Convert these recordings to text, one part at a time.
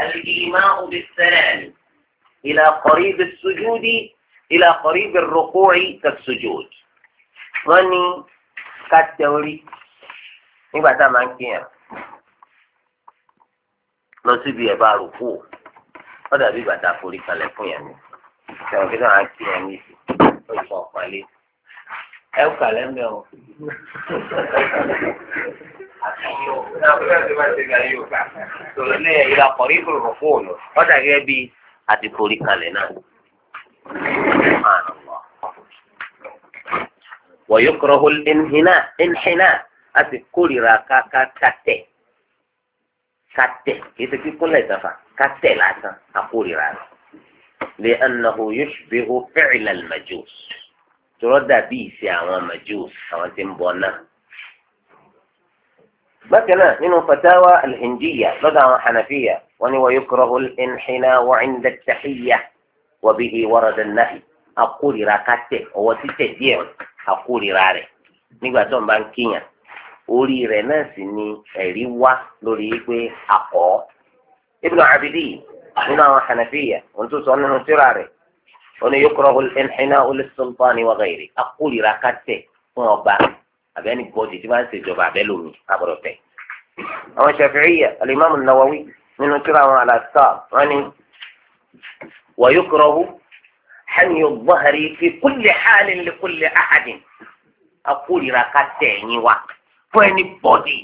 الإيماء بالسلام إلى قريب السجود إلى قريب الركوع كالسجود ظني كالتوري نبقى تعمل كيان lọ síbi ẹ̀ bá rò kú ó dàbí bàtà forí kalẹ̀ fún yẹn ni ṣàwọn kí náà á kí yẹn ní ìsìn ó sọ ọ̀pọ̀lẹ́ ẹ̀ kàlẹ́ mẹ́ o dabi bata fori kale fun yen ni sawon ki naa a ki سبحان الله ويكره الانحناء انحناء أتقولي راكا كاتة كاتة إذا كي كل هذا فا لا تقولي راكا لأنه يشبه فعل المجوس ترد بيس يا مجوس أو تنبونه مثلا من فتاوى الهندية لدى حنفية ونوى يكره الانحناء عند التحية وبه ورد النهي أقول راكاتي هو تتجيو أقول راري نيكو أتون بانكينيا أولي رناسي ني أريوا لوليكوي أقو ابن عبدي هنا حنفية وانتو سوانه سراري ونيكره يكره الانحناء للسلطان وغيره أقول راكاتي هو بانكينيا abẹ́ni bọ́dì tí wọ́n ń ṣèjọba abẹ́lómi àbọ̀dọ̀ tẹ̀. àwọn Shafi'iyya alimami Nawawi nínú kíra àwọn alasa wọn ni wa yukrahu hanyu dhahri fi kulli halin li kulli ahadin akórira ká tẹ̀ ẹ̀yìn wa fún ẹni bọ́dì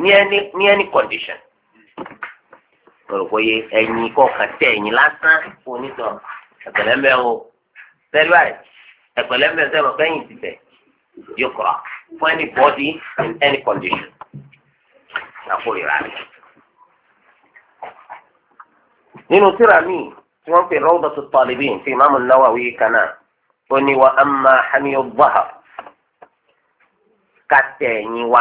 ní ẹni ní ẹni condition. mo tẹ̀ ẹ̀yìn lásán fún onítọ̀ ẹ̀pẹ̀lẹ́mẹ̀ o sẹ́lẹ̀ ẹ̀pẹ̀lẹ́mẹ̀ sẹ́wọ̀n kẹ́yìn ti tẹ̀. يقرأ for any body in any condition نقول العالم نينو سيرا مي سيوان في روضة الطالبين في إمام النووي كان وني وأما حمي الظهر كاتيني و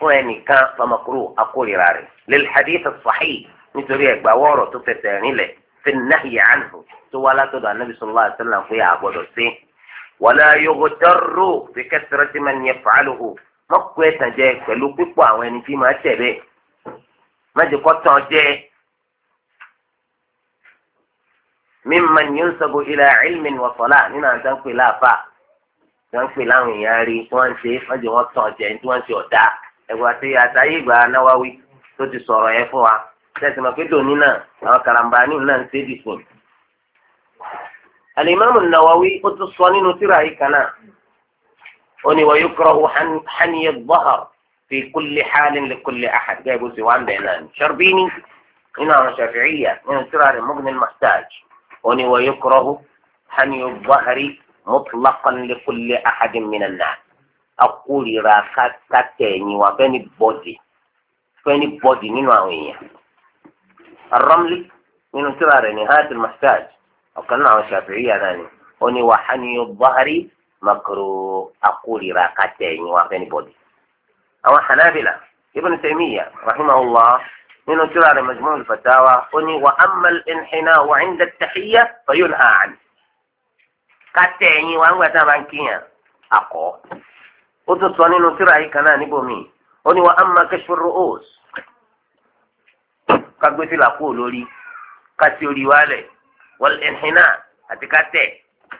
فاني كان فمكروه أقول العالم للحديث الصحيح نتوري بوارو تفتيني له في النهي عنه سوالاته تدع النبي صلى الله عليه وسلم فيها أبو دوسي wala yughtarru bi kathrati man yaf'aluhu mọ́kù ẹ̀tàn jẹ pẹ̀lú pípọ̀ àwọn ẹni tí máa tẹ̀lé májèkọ́ tán jẹ́ mimman yunsabu ila ilmin wa salah nínú àwọn sáńpé láàfà sáńpé láwọn èèyàn rí tí wọ́n ń ṣe májè wọ́n tán jẹ tí wọ́n ń ṣe ọ̀dà ẹ̀wọ̀n àti àtàyè ìgbà náwáwí tó ti sọ̀rọ̀ yẹn fún wa tẹ̀sí ma pé dòní náà àwọn karambani náà ń ṣe dìfún الإمام النووي أتصاني نتراهي كنا وني ويكره حني الظهر في كل حال لكل أحد جايبو سوان بينان شربيني هنا شافعية من سرار المغني المحتاج وني ويكره حني الظهر مطلقا لكل أحد من الناس أقول راكات كتيني وبني بودي بني بودي من وعوية الرمل من سرار نهاية المحتاج ọ̀kan náà àwọn ṣàfihàn náà ni ó ní wà hániyó bọ́hárí makaro akórira kàtẹ́ ẹ̀yìn wa fẹ́ni bọ́dì. àwọn hanabila ibn taymiya rahimahullah nínú tíra rẹ̀ majmu' al-fatawa ó ní wà amal inhina wà inda tahiyya fayun hàn. kàtẹ́ ẹ̀yìn wa ń gbà tá a bá ń kíyàn akọ́. ó tún sọ nínú tíra yìí kan náà níbòmí ó ní wà amma kashfu ar-ru'us. kagbésí làkúò lórí kásí orí wálẹ̀ wal inhina àti ká tẹ̀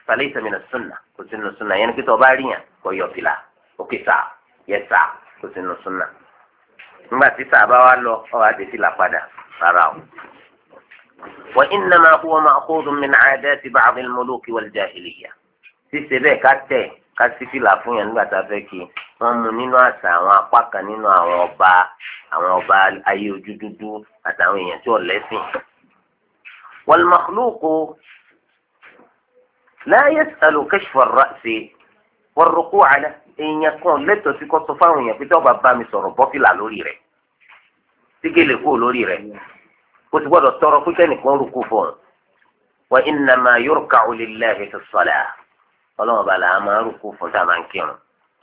falẹ̀ ìsẹ̀mìnà sunna kò sínú sunna yẹn ni kíkọ́ bá rí yàn kọ́ yọ fìlà òkè sà yẹ sà kò sínú sunna nígbà tí sà bá wà lọ ọ wà dé fìlà padà rárá o. wa innama huwa ma'khudun min 'adati ba'd al-muluki wal-jahiliyya ṣíṣe bẹ́ẹ̀ ká tẹ̀ ká sí fìlà fún yàn nígbà tá a fẹ́ kí wọ́n mú nínú àṣà àwọn apá kan nínú àwọn ọba àwọn ọba ayé ojú dúdú àtàwọn èèyàn tí ò lẹ́sìn والمخلوق لا يسأل كشف الرأس والركوع له èèyàn kan lẹ́tọ̀ọ́ sí kó sọ fáwọn èèyàn pé tọ́ba bá mi sọ̀rọ̀ bọ́fìlà lórí rẹ̀ sígèlè kúrò lórí rẹ̀ o ti gbọ́dọ̀ tọrọ pé kẹ́nìkan rúkú fún un wa innama yurka'u lillahi fi s-salah ọlọ́run bá làá máa rúkú fún tá a máa ń kírun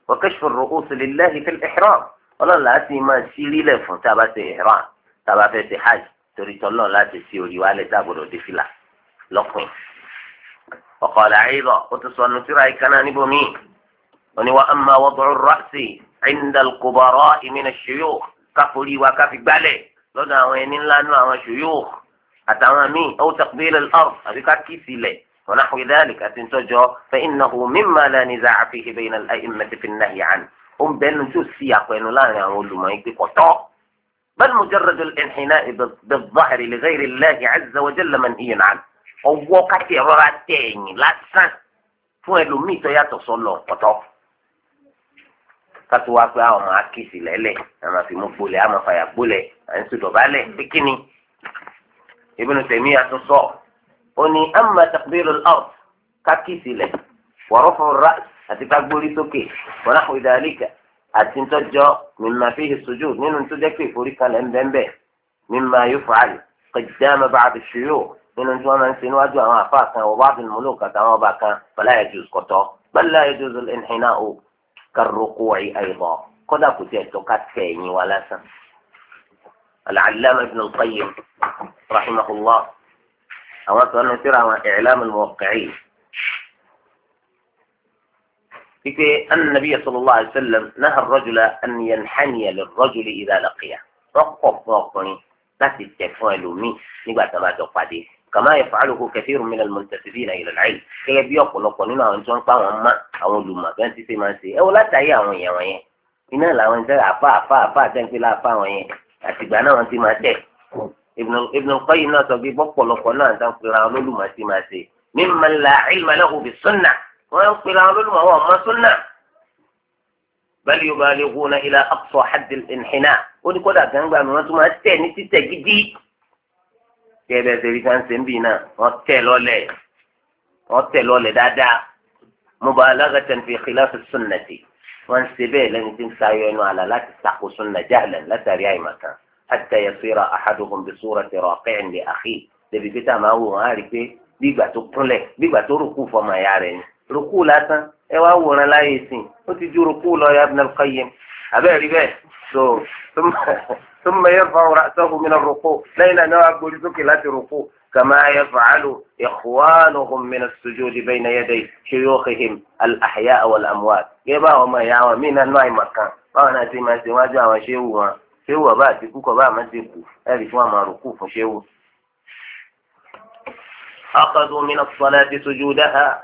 wa kashfu r-ru'usi lillahi fi l-ihram ọlọ́run làá sì máa ṣírí lẹ̀ fún tá a bá ṣe ihram tá a bá fẹ́ ṣe hajj torí tọ́lọ́ láti fi orí wa lẹ́tà gbọ́dọ̀ dé fìlà lọ́kùn. ọ̀kọ̀ làáyébọ̀ ó tún sọ nùtúrà ìkànnà níbomi oníwà amma wọ́dọ̀ rọ́ọ̀sì indal kubara ìmìnà ṣòyò káforí wa káfi gbálẹ̀ lọ́dọ̀ àwọn ẹni ńlá nú àwọn ṣòyò àtàwọn míì ó tàkbílẹ̀ ọ̀rọ̀ àbí ká kí sílẹ̀ ونحو ذلك أتنتجه فإنه مما لا نزاع فيه بين الأئمة في النهي عنه أم بأنه تسيق وأنه لا يقول ما يكفي بل مجرد الانحناء بالظهر لغير الله عز وجل من هي نعم ووقت راتين لا سن فوالو ميتو يا تصلو قطو فتوا فاو ما كيسي ليلي انا في مبولي اما فيا بولي انسو دو بالي بكيني ابن تيمية تصو وني اما تقبيل الارض كاكيسي لي ورفع الرأس هتفاق بولي توكي ونحو ذلك àti ntọ́jọ́ mímá fi hisojú nínú tó jẹ́ pé ìforíkalẹ̀ ń bẹ́ẹ̀ bẹ́ẹ̀ mímá yóò fà á lè kẹjìdáàmà bá a ti ṣe yóò nínú tí wọ́n máa ń ṣe níwájú àwọn àfa kan ọba àti múlò kàtà àwọn ọba kan bala yajuz kọ̀tọ́ bala yajuz ìhìnà o kàrókò wáyé àyèbọ̀ kọ́dà kò tiẹ̀ tó ká tẹ̀ ẹ̀yìn wa lásán. al ibn al pípé anabi sallallahu alayhi wa sallam naha ar-rajula an yanhaniya lir-rajuli idha laqiyahu rọ́pọ̀ fún ọkùnrin láti tẹ̀ fún ẹlòmíì nígbà tí a bá jọ pàdé kama yaf'aluhu kathirun mina al-muntasibina ila al-'ilm gẹ́gẹ́ bí ọ̀pọ̀lọpọ̀ nínú àwọn tí wọ́n pa àwọn má àwọn olùmọ̀ bẹ́ẹ̀ ti ṣe máa ń ṣe ẹ wọ látàyè àwọn èèyàn wọn yẹn iná làwọn ń tẹ́lẹ̀ àfa àfa àfa àtẹ́ńpé láàfa àwọn yẹn àtìgbà náà wọ́n ti máa tẹ̀ Ibn al-Qayyim náà sọ pé bọ́pọ̀lọpọ̀ náà ń tán pera olólùmọ̀ ti máa ṣe mimman la 'ilma lahu bis-sunnah wọ́n ń pera wọn lólùmọ̀ àwọn ọmọ súnà bẹ́ẹ̀ yóò bá lè hu na ilà aqsa hadd al-inhina ó ní kódà gangba mi wọ́n tún máa tẹ̀ ní títẹ̀ gidi kí ẹ bẹ́ẹ̀ ṣe rí sáńsẹ̀ ń bì náà wọ́n tẹ̀ lọ́lẹ̀ wọ́n tẹ̀ lọ́lẹ̀ dáadáa mubalagatan fi khilaf as-sunnati wọ́n ń ṣe bẹ́ẹ̀ lẹ́ni tí ń sáyọ ẹnu àlà láti sàkó súnà jahlan látàrí àìmọ̀kan hatta yasira ahaduhum bi surati raqi'in li akhi débi pé tá a máa wò wọ́n á rí pé bí ìgbà tó kúnlẹ̀ bí ìgbà tó rùkú fọmọ ẹ̀yà rẹ̀ ni rukú lásán ẹ wá wòran láyé sìn ó ti ju rukú lọ ya Ibn al-Qayyim abẹ́rẹ́ bẹ́ẹ̀ so ثم يرفع رأسه من الركوع لين أنه أقول لك لا تركوع كما يفعل إخوانهم من السجود بين يدي شيوخهم الأحياء والأموات يبا وما يعوى من النوع مكان وانا تيما سواجا وشيوا شيوا با تكوكا با ما تكو هذه شوا ما ركوف شيوا أخذوا من الصلاة سجودها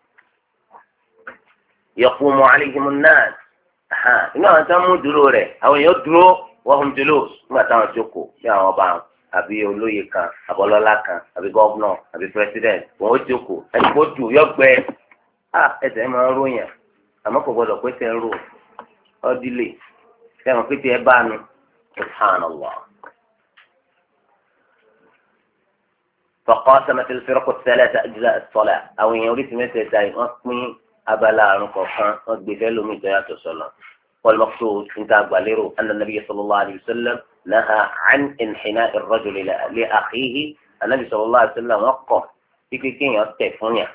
yaqumu alayhimun nas inú àwọn tó ń mú dúró rẹ̀ àwọn èèyàn dúró wọ́n fún julus nígbà táwọn jókòó bí àwọn ọba àbí olóyè kan àbọ̀lọ́lá kan àbí gọ́vnà àbí pírẹsidẹ̀ntì wọ́n ó jókòó ẹni kó dù yọgbẹ ah, ẹsẹ̀ máa ń ròyìn àmọ́ kò gbọdọ̀ pé tẹ̀ ń rò ọdílé tẹ̀ mọ̀ pé tẹ̀ bá nu subhanallah. فقاسمت الفرق الثلاثة abala àrùn kọ̀ọ̀kan wọ́n gbé fẹ́ lómi tó yàtọ̀ sọ̀lọ̀ والمقصود انت أقبلره أن النبي صلى الله عليه وسلم نهى عن انحناء الرجل لأخيه النبي صلى الله عليه وسلم وقف في كين يتفونيا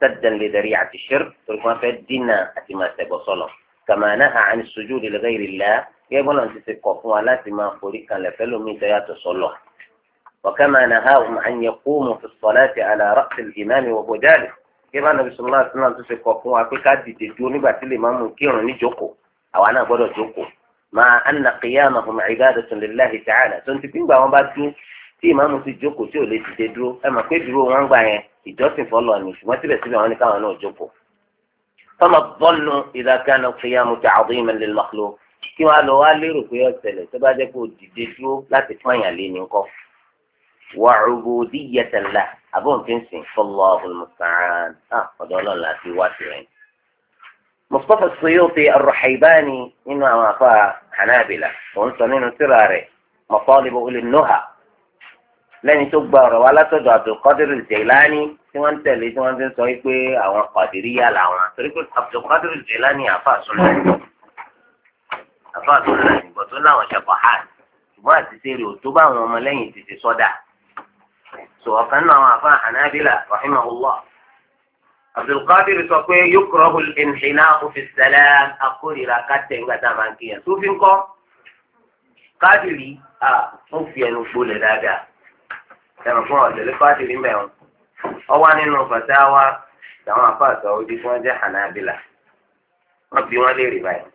سدا لذريعة الشرك ثم فدنا أتما سبصله كما نهى عن السجود لغير الله يقول أن تتقفوا لا تما فريقا لفلومي سياتصله وكما نهاهم أن يقوموا في الصلاة على رأس الإمام وهو جالس kébà nàbì sọlá àtúnà tó fi kọ́ fún wa pé ká dìde dúró nígbà tí lè máa mú kírun níjókòó àwa náà gbọ́dọ̀ jókòó máa anna qiyamahum ibadatun lillahi ta'ala tó ń ti gbígbà wọn bá dúró tí ìmáàmù ti jókòó tí ò lè dìde dúró ẹ mà pé dúró wọn gbà yẹn ìjọsìn fọlọ ni ṣùgbọ́n síbẹ̀síbẹ̀ wọn ní káwọn náà jókòó. fama bọ́ọ̀nù ìdákanu abóǹfínsìn fọlọ́ọ̀bù mùsàán ọ̀dọ̀ ọlọ́run láti wá sí rẹ̀. mustapha suyuti arruhaibani nínú àwọn afa hanabila òun sọ nínú tírà rẹ̀ mọ̀kọ́lìbù olùnúhà lẹ́ni tó gba ọ̀rọ̀ wa látọ̀dọ̀ abdulkadir jelani tí wọ́n ń tẹ̀lé tí wọ́n ti ń sọ pé àwọn kọ̀dìríyà làwọn torí pé abdulkadir jelani àfa sọlá ni àfa sọlá ni bọ́tún láwọn ṣẹ̀kọ̀ hàn ṣùgbọ́n àti ṣe rè ò tó bá àwọn ọmọlẹ́yìn ti ti sọ́dà. سوقنا معفا حنابلة رحمه الله عبد القادر سوقي يكره الانحناء في السلام أقول إلى قتل وتمانكيا سوفينكو قادري أوفيا نقول هذا كما قلت لقاتل بيهم أوان النفتاوى سوى فاسا وديك وانجا حنابلة ربي وانجا ريبايا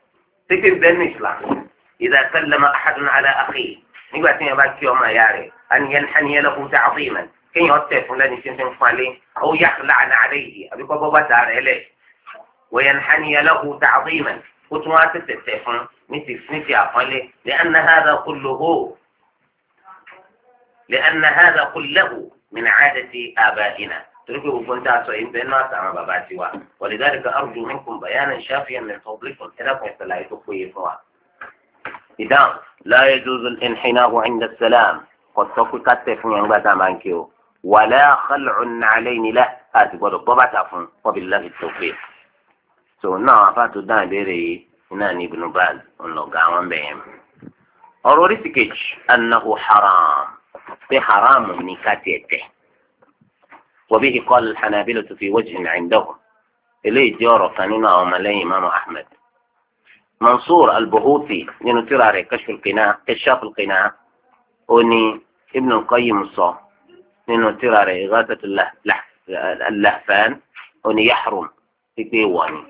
سكن بالنسلة إذا سلم أحد على أخيه nígbà tí yẹn bá kí ọmọ ìyá rẹ̀ àníyàn àníyàn lọ́kùn tẹ àfihàn kéèyàn ọ̀tẹ̀ fún lẹ́ni tí ń fi ń falẹ̀ ó yà láàánú àlẹ́ yìí àbí kọ́ bọ́ bàtà rẹ̀ lẹ̀ wọ́yàn àníyàn lọ́kùn tẹ àfihàn ó tún wá tẹ̀tẹ̀ tẹ̀ fún ní ti yen ba ki omo eya re aniyan aniyan lokun te afihan keeyan ote fun leni ti àfọlẹ lẹ fi n fale o ya laaanu ale yii abi ko bo bata re le woyan aniyan lokun te afihan ẹ̀sẹ̀ láì tun wa tete te fun ni ti ni ti afole le anna hàdà kulluhu lẹ́ anna hàdà kulluhu min àádẹ́tì ina torí pé gbogbo ń tà sọ yìí bẹ́ẹ̀ náà sàmà bàbá tiwa wole daadaa mi ko ko safiyan bi to fun wa ìdáhùn la yajuzu al-inhina'u 'inda as-salam kọ̀tọ́ pé ká tẹ̀ fún yẹn nígbà tá a máa ń kí o wala khal'un 'alayni lahu àti gbọ́dọ̀ bọ́ bàtà fún wa billahi tó náà afá tó dáhùn ìbéèrè yìí náà ní Ibn Baz ńlọgà àwọn bẹ̀yẹn. ọ̀rọ̀ oríṣi kejì annahu haram pé haram ní ká tiẹ̀ tẹ̀. وبه قال الحنابلة في وجه عندهم إليه جار كان نعم لي إمام أحمد منصور البهوتي لأنه ترى عليه كشف القناع كشاف القناع وني ابن القيم الصاه لأنه ترى على إغاثة اللهفان وني يحرم في بيواني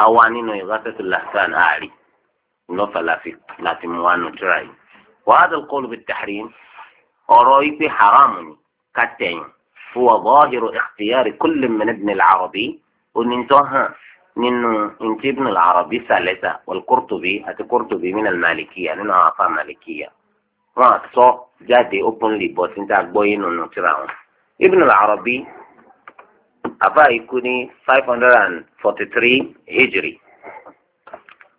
أواني إنه إغاثة اللهفان أعلي إنه لا في لا تموانو تراي وهذا القول بالتحريم أرأي حرام حرامني كتين هو ظاهر اختيار كل من ابن العربي وننتهى منه انت ابن العربي ثالثة والقرطبي هاتي قرطبي من المالكية لانه اعطى مالكية واتصو جادي اوبن لي بوت انت اقبوين انه تراهم ابن العربي افا يكوني 543 هجري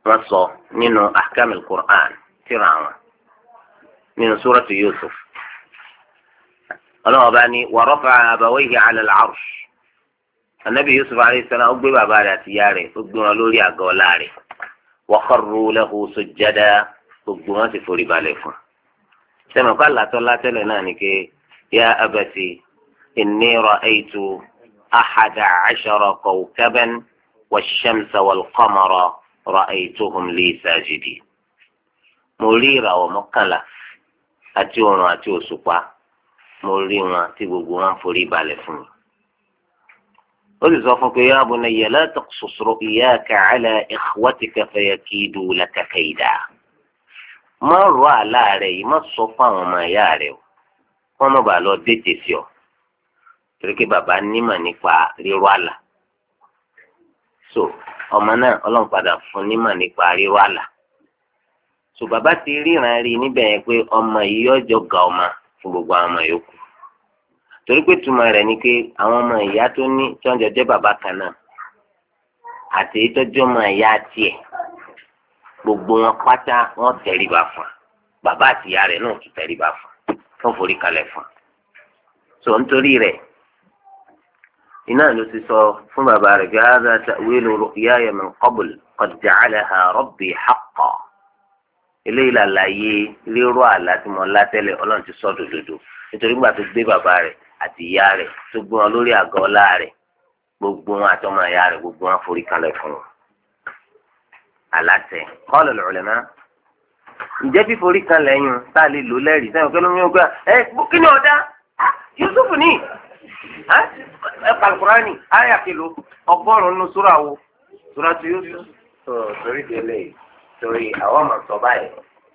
واتصو منه احكام القرآن تراهم من سورة يوسف أنا أباني ورفع أبويه على العرش anabi yusuf alayisalaam ó gbé bàbá rẹ̀ àti ìyá rẹ̀ ó gbé wọn lórí àgọ́ ọlá rẹ̀ wa kharru lahu sujjada gbogbo wọn sì forí balẹ̀ fún un. sẹ́mi kó àlàtọ́ látẹ́lẹ̀ náà ni pé ya abati inni ra'aytu ahada ashara kawkaban wash-shamsa wal-qamara ra'aytuhum li sajidi. mo rí ìràwọ̀ mọ́kànlá àti oòrùn àti òṣùpá mo rí wọn tí gbogbo wọn forí balẹ̀ fún mi. ó sì sọ fún pé yá bu nàyẹ látọ̀sọ̀sọ̀rọ̀ ala kàálà ìwádìíkà fẹ̀yà kí idú làkàkẹ́ ìdá. má rọ àlá rẹ sọ fún àwọn ọmọ ìyá o wọn má bàa lọ dètè sí ọ torí pé so ma fún nímọ̀ nípa rírọ so bàbá ti ríran rí níbẹ̀ yẹn pé ọmọ yìí yọjọ ga ọmọ fún gbogbo àwọn yòókù torí pé tuma rẹ̀ ni pé àwọn ọmọ ìyá tó ní tọ́jọ́ jẹ́ bàbá kan náà àti ìtọ́jú ọmọ ìyá tiẹ̀ gbogbo wọn pátá wọn tẹríba fún bàbá àti ìyá rẹ̀ náà tún tẹríba fún wọn forí kalẹ̀ fún so nítorí rẹ̀ iná ló ti sọ fún bàbá rẹ̀ bí hadha ta'wilu ru'yaya min qabl qad ja'alaha rabbi haqqan eléyìí làlàyé rírọ àlá tí mo lá tẹ́lẹ̀ Ọlọ́run ti sọ dòdòdò nítorí gbà tó gbé bàbá rẹ̀ àti ìyá rẹ̀ tó gbé wọn lórí àgọ́ ọlá rẹ̀ gbogbo wọn àti ọmọ ìyá rẹ̀ gbogbo wọn forí kalẹ̀ fún un. àlàtẹ kọ́ọ̀lù lọ́lẹ́mọ́ ǹjẹ́ fíforí kalẹ̀ yun tá a lè lò lẹ́rìí sẹ́yìn kẹ́lómi ó gbà ẹ kí ni ọ̀dá Yusuf ni ẹ kàlùkùránì ayà kìlò ọgọ́rùn-ún sura wo sura tu Yusuf. torí délé torí àwọn ọmọ sọ báyìí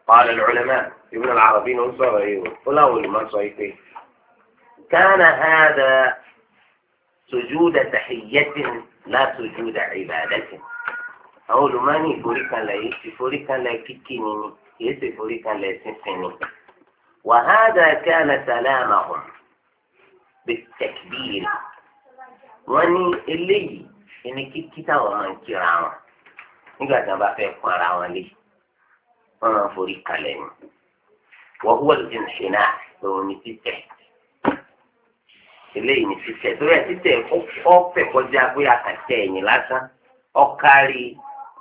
kọ́ọ̀lù lọ́lẹ́mọ́ Ibn al-Arabi ni ó sọ̀rọ̀ yìí o ó láwọn olùmọ̀ sọ yìí pé. كان هذا سجود تحية لا سجود عبادة أو لماني فوريكا ليس فوريكا ليس كيني ليس فوريكا ليس فيني وهذا كان سلامهم بالتكبير واني اللي اني كي كتا ومن كراما نقا جنبا في قرا ولي وما فوريكا لين وهو الانحناء هو نتي تحت eléyìí ní títẹ̀ torí ẹ̀ títẹ̀ ọ̀pẹ̀ kọjá pé àkàtẹ̀ ẹ̀yìn lásán ọ̀kárí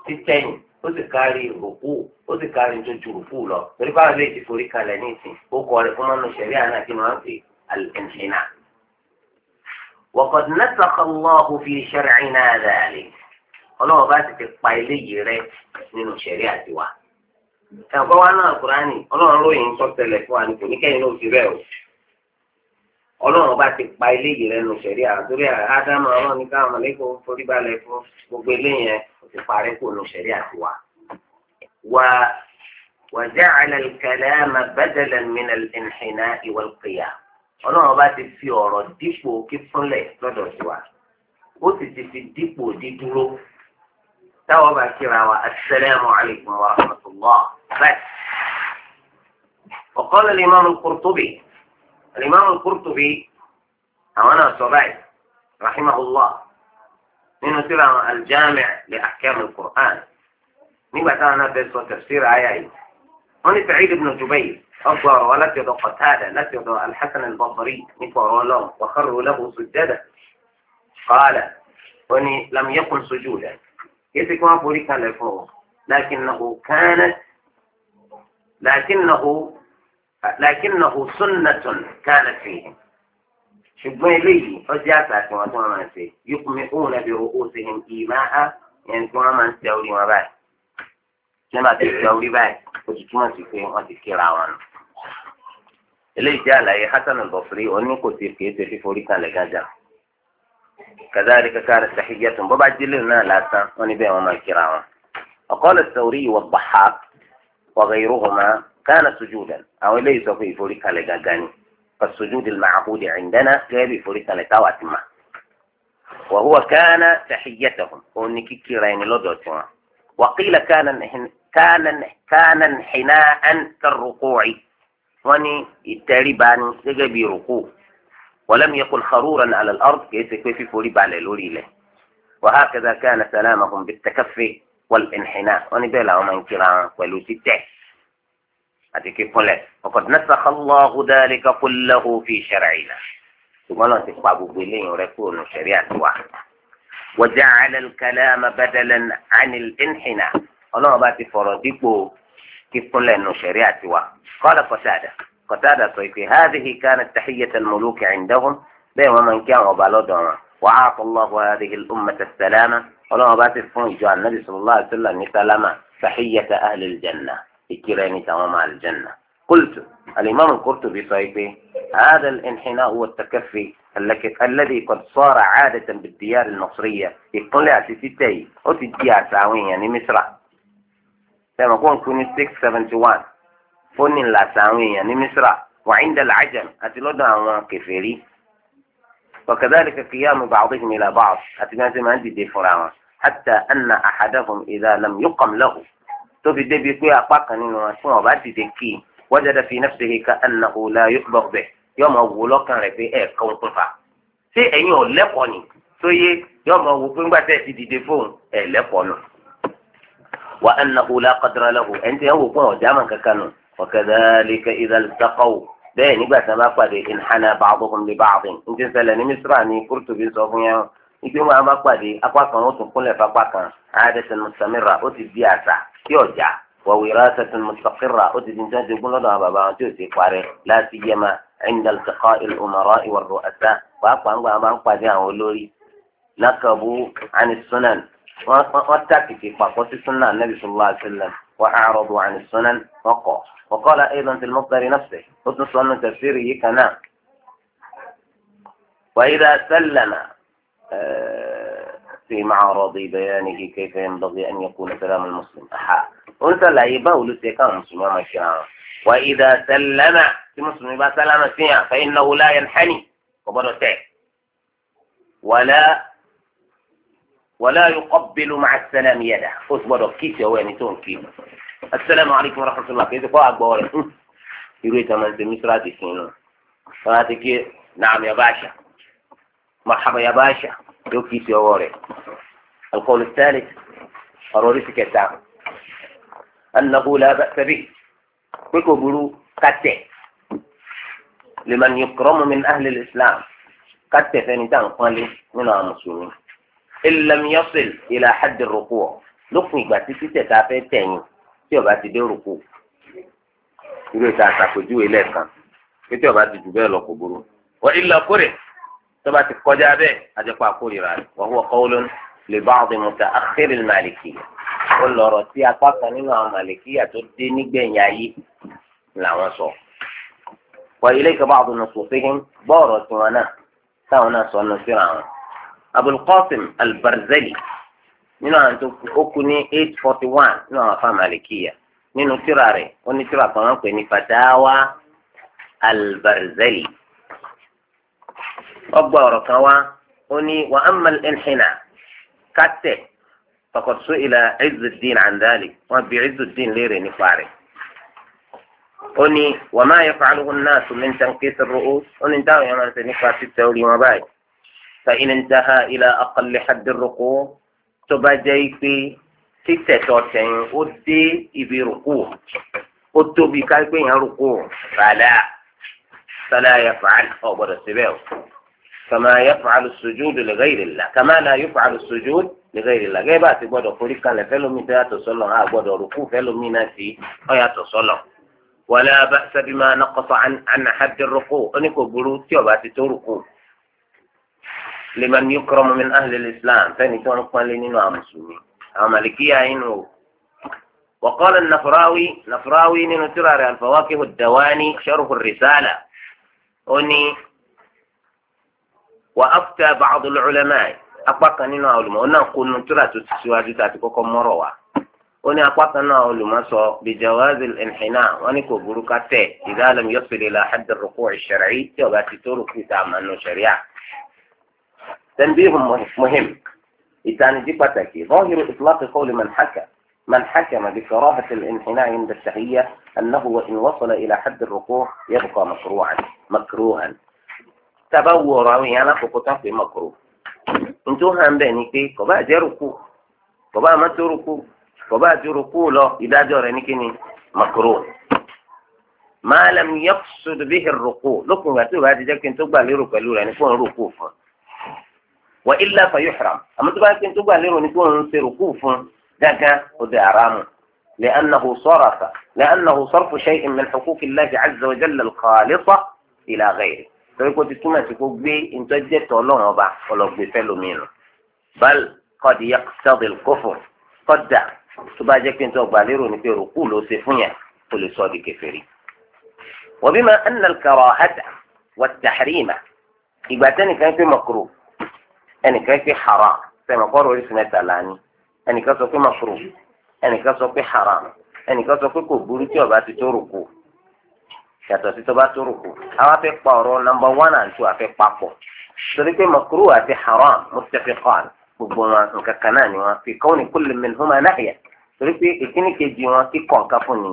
títẹ̀yìn ó sì kárí òkú ó sì kárí jojú òkú lọ torí báwọn lè ti forí kalẹ̀ ní ìsìn ó kọ rẹ̀ fún mọ́nú ṣẹ̀rí àná kí wọ́n fi al-inhina. وقد نسخ الله في شرعنا ذلك ọlọ́wọ́ bá ti ti pa eléyìí rẹ nínú ṣẹ̀rí àtiwá. ẹ̀kọ́ wa náà kúránì ọlọ́run lóyìn sọ́tẹ̀lẹ̀ fún wa ní kò ní kẹ́yìn ló fi rẹ̀ o ọlọ́run bá ti pa eléyìí rẹ nù sẹ̀rí àtúrí àdámọ̀ ọlọ́run ní káwọn mọ̀lẹ́kọ̀ foríbalẹ̀ fún gbogbo eléyìí yẹn ti parẹ́ kò nù sẹ̀rí àtiwá. wà وجعل الكلام بدلا من الانحناء والقيام ọlọ́run bá ti fi ọ̀rọ̀ dípò kíkúnlẹ̀ lọ́dọ̀ sí wa ó sì ti fi dípò dídúró táwọn bá kíra wa asalaamu alaykum wa rahmatulah bẹ́ẹ̀ ọ̀kọ́ الإمام القرطبي أو أنا الصباعي رحمه الله من سبع الجامع لأحكام القرآن من بعدنا بس وتفسير آياتي هون سعيد بن جبير أفضل ولد يد قتالة لد يد الحسن البصري نفر له وخر له سجدة قال هون لم يكن سجودا يسك ما فوريك لكنه كانت لكنه لكنه سنة كانت فيهم ṣùgbọ́n eléyìí ọjọ́ àṣà tí wọ́n tún wọn máa ń ṣe yukumi òun ẹ̀bí owó ṣe ń kí máa á yẹn tí wọ́n máa ń tẹ orí wọn báyìí tí wọ́n bá ti tẹ orí báyìí ó ti túmọ̀ sí pé wọ́n ti kíra wọn nù. eléyìí jẹ́ àlàyé hasan al-basri oní kò sí kìí ṣe fíforí kanlẹ̀ gàjà kàdáàrí kankan rẹ̀ sàkíyà tó ń bọ́ bá jílẹ̀ náà lásán wọ́n níbẹ̀ wọ́n máa kíra wọn. ọ̀kọ́ كان سجودا أو ليس في فريق لجاجاني فالسجود المعبود عندنا غير فريق لتواتما وهو كان تحيتهم ونكي كيرين لدوتهم وقيل كان كان كان انحناء كالركوع وني التربان يجب ركوع ولم يكن خرورا على الأرض كيف كيف فريق على لوريله وهكذا كان سلامهم بالتكفي والانحناء وني بلا ومن انكرا ولو تتعش àti kíkúnlẹ̀ ọkọ̀dé nasakha Allahu dhalika kullahu fi shar'ina ṣùgbọ́n náà ti pa gbogbo eléyìí rẹ kúrò ní sẹ̀rí àtiwá. wa ja'ala al-kalama badalan 'ani al-inhina ọlọ́run bá ti fọ̀rọ̀ dípò kíkúnlẹ̀ ní sẹ̀rí àtiwá. qala Qatada Qatada sọ pé hadhihi kanat tahiyyata al-muluki 'indahum bẹ́ẹ̀ wọ́n máa ń kí àwọn ọba lọ́dọ̀ wọn. وعاق الله هذه الأمة السلامة ولما باتفون جاء النبي صلى الله عليه وسلم سلامة تحية أهل الجنة ìkíra تماما على الجنة قلت الإمام القرطبي صحيح هذا الانحناء والتكفي الذي قد صار عادة بالديار المصرية يقول لها ستتي أو تديا ساوين يعني مصر لما كون كوني 671 فوني لا ساوين يعني مصر وعند العجم أتلو أتلودا كفيري وكذلك قيام بعضهم إلى بعض أتلو عندي دي حتى أن أحدهم إذا لم يقم له tó fi débi pé apá kan nínú wọn tí wọn bá dìde kí i wajada fi nafsihi ka annahu la yuqbah bih yóò máa wò lọ́kàn rẹ̀ pé ẹ̀ kàn kún fa ṣé ẹ̀yin ò lẹ́kọ̀ọ́ ni tó yé yóò máa wò pé ńgbà ti dìde fóun ẹ̀ lẹ́kọ̀ọ́ nù. wa annahu la qadra lahu ẹni tí wọ́n wò pé ọ̀já mọ̀ kankan nù wa kadhalika idha iltaqaw bẹ́ẹ̀ nígbà tí wọ́n bá pàdé inhana ba'duhum tí ọjà wàwìrà sẹsìn mustaqirra ó ti di nítorí ogún lọ́dọ̀ àwọn bàbá wọn tí ò ti parí láti yẹma ẹnìdà lùtẹkọ ìlùmọrọ ìwọrọ ẹsẹ pàápàá ńgbà máa ń pàdé àwọn olórí lákàbù àni sunan wọn tàkìtì pàpọ̀ sí sunan nabi sallallahu alayhi wa sallam wọn àròbù àni sunan wọn kọ وقال أيضا في المصدر نفسه حسن صنع تفسيره كنا وإذا سلم في معرض بيانه كيف ينبغي أن يكون سلام المسلم أحا أنت لا يباو لسيكان مسلم وما وإذا سلم في مسلم يبقى سلام فيها فإنه لا ينحني وبرتع ولا ولا يقبل مع السلام يده أصبر كيس يا وين تون كيس السلام عليكم ورحمة الله كيف يقول بقول يريد أن تمسرات السنة فهذا نعم يا باشا مرحبا يا باشا yóò kí sí ọwọ́ rẹ̀ alukọ́lù sẹ́ẹ̀lì ọ̀rọ̀ orí ti kẹta anahu la sẹ́bi pé kò burú kàtẹ́ lèman yukramu min ahli islam kàtẹ́ fẹ́ni tá à ń pọ́nlé nínú àwọn mùsùlùmí illam yasil ila haddi ruku lókun ìgbà títí tẹ̀ tá a fẹ́ tẹ̀yìn tí ó bá ti dé ruku irú ìta àtàkójú ilẹ̀ kan pé tí bá ti jù bẹ́ẹ̀ lọ kò burú wọ́n ilà kórè tọba ti kọjá bẹ́ẹ̀ àjọpọ̀ àkórira rẹ̀ wọ́n wọ kọ́wọ́lọ́n lè bá àwọn ọ̀dọ́mọta àkérè màlìkì ó lọ̀rọ̀ tí apá kan nínú àwọn màlìkì àtó dé nígbẹ̀yìn ayé làwọn sọ. wọ ilé ìkọ́bá àwọn ọ̀dọ́mọ sọ̀fẹ́hìn bọ́ọ̀rọ̀ tiwọn náà táwọn náà sọ ọ́nà síra wọn. Abul Qasim nínú àwọn tó ó kú ní eight forty one nínú àwọn afá màlìkì yà nínú tíra rẹ̀ ó ní tíra kan wọ́n pè ní Fatawa al ọgbà ọ̀rọ̀ kan wá ó ní wa amma al-inhina kátẹ̀ faqad su'ila Izzuddin an dhalik wọ́n bi Izzuddin léèrè nípa rẹ̀ ó ní wa ma yaf'aluhu an-nasu min tanqis ar-ru'us ó ní dáhùn yẹn máa ń ṣe nípa títẹ̀ orí wọn báyìí fa in intaha ila aqalli hadd ar tó bá jẹ́ pé títẹ̀ tó tẹ̀yìn ó dé ibi rúkú ó tóbi ká pé yẹn rúkú ràdà sálá yẹ fàá ọ̀gbọ̀dọ̀ síbẹ̀ o. كما يفعل السجود لغير الله كما لا يفعل السجود لغير الله غير بات بودو فريكا لفلو ميتا تصلو ها بودو ركو فلو مينا في ولا بأس بما نقص عن عن حد الركوع انكو بروتيو بات تركو لمن يكرم من اهل الاسلام ثاني تو نقول لنا مسلمين اما لكي عينو وقال النفراوي نفراوي نترى الفواكه الدواني شرف الرساله اني وأفتى بعض العلماء apá kan nínú àwọn olùmọ̀ náà kó nu tíra tó ti síwájú tá a ti kọ́kọ́ mọ́rọ̀ wa ó ní apá kan náà olùmọ̀ sọ bijawazil inhina wọn ní kò burú ká tẹ̀ idha lam yasil ila hadd ar-ruku' ash-shar'i tí ọba ti tó rúkú ìta àmànù ṣẹ̀ríà. tanbihun muhim ìtanijí pàtàkì zahiru itlaq qawli man hakama من حكم بكراهة الانحناء عند التحية أنه وإن وصل إلى حد الركوع يبقى مكروها مكروها tába wo ọ̀rọ̀ àwọn èèyàn alákòókò tó ń pè mọ̀kòrò nítorí hàn bẹ́ẹ̀ ni pé kọ̀bá àjẹrùkù kọ̀bá àmọ́tòrùkù kọ̀bá àjẹrùkù lọ ìdájọ́ rẹ̀ ní kíni mọ̀kòrò máa lẹ́m yẹ́kùsùdù bí ìrùkù lókun ìgbà tí o bá ti jẹ́ kí n tó gbà lérò pẹ̀lú rẹ̀ ní kó ń rùkù fún wa ilà fàyọ̀ xram àmọ́ tó bá kí n tó gbà lérò ní kó ń ṣe rùkù fún gángan ó di àràmù lẹ́ẹ̀nàhù sọ̀ràfà lẹ́ẹ̀nàhù sọ̀rfù ṣẹ́yìn min xukuki láti cazza wajalla alqaalisa ilà ghayri. torí kó ti túmọ̀ sí kó gbé ntọ́jẹ́tọ̀ ọlọ́run ọba ọlọ́gbé fẹ́lómìnà bal kọ́ọ̀dì yẹ sọ́ọ̀dì kófò kọ́dà tó bá jẹ́ pé ntọ́gba lérò ni pé rúkú ló ṣe fún yẹn kó lè sọ́ọ̀dì kèfèrí. wa bima anna al-karahata wa at-tahrima ìgbà tẹ́nìkan pé makru ẹnìkan pé haram sẹ́mọ̀kọ́rọ̀ oríṣi mẹ́ta lání ẹnìkan sọ pé makru ẹnìkan sọ pé haram ẹnìkan sọ pé kò burú tí ọba yàtọ̀ sí tó bá tó rùkú àwa fẹ́ pa ọ̀rọ̀ nọmba one and two àfẹ́ papọ̀ torí pé makuru àti haram muttafiqan gbogbo wọn nǹkan kan náà ni wọn fi kawni kulli minhuma nahya torí pé ìkíní kejì wọn kíkọ̀ nǹkan fún ni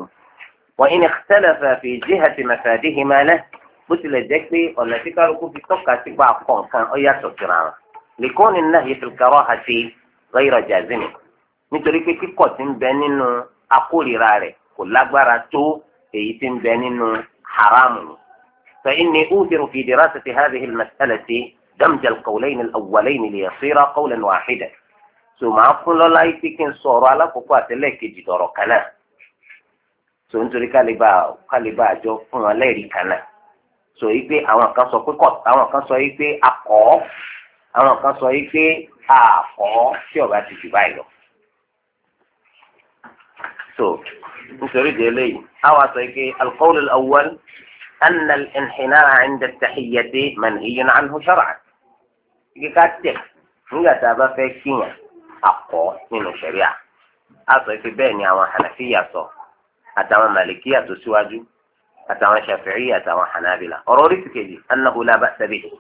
wa in ikhtalafa fi jihati mafadihima lahu bó tilẹ̀ jẹ́ pé ọ̀nà tí kálukú fi tọ́ka sí pa àkọ́ nǹkan ó yàtọ̀ síra wọn likoni nahyi fil karahati ghayra jazimi nítorí pé kíkọ̀ ti ń bẹ nínú akórira rẹ̀ kò lágbára tó èyí ti ń bẹ nínú حرام فإني أوثر في دراسة هذه المسألة دمج القولين الأولين ليصير قولا واحدا ثم أقول الله يتكين صورة على فقوات لك جدور كنا ثم تقول كالبا كالبا جو فما ليري كنا sọ yìí pé àwọn kan sọ pé kọ àwọn kan sọ yìí pé akọ àwọn kan sọ yìí pé àkọ so nítorí di eléyìí a wá sọ pé alqawl al-awwal anna al-inhinaa 'inda at-tahiyyati manhiyyun 'anhu shar'an ike ká tẹ̀ nígbà tá a bá fẹ́ kíyàn àkọ́ nínú ṣẹ̀ríà a sọ pé bẹ́ẹ̀ ni àwọn hànàfíyà sọ àtàwọn màlìkíyà tó síwájú àtàwọn shafi'iyya àtàwọn hànàbìlà ọ̀rọ̀ orí ti kejì annahu la ba'sa bihi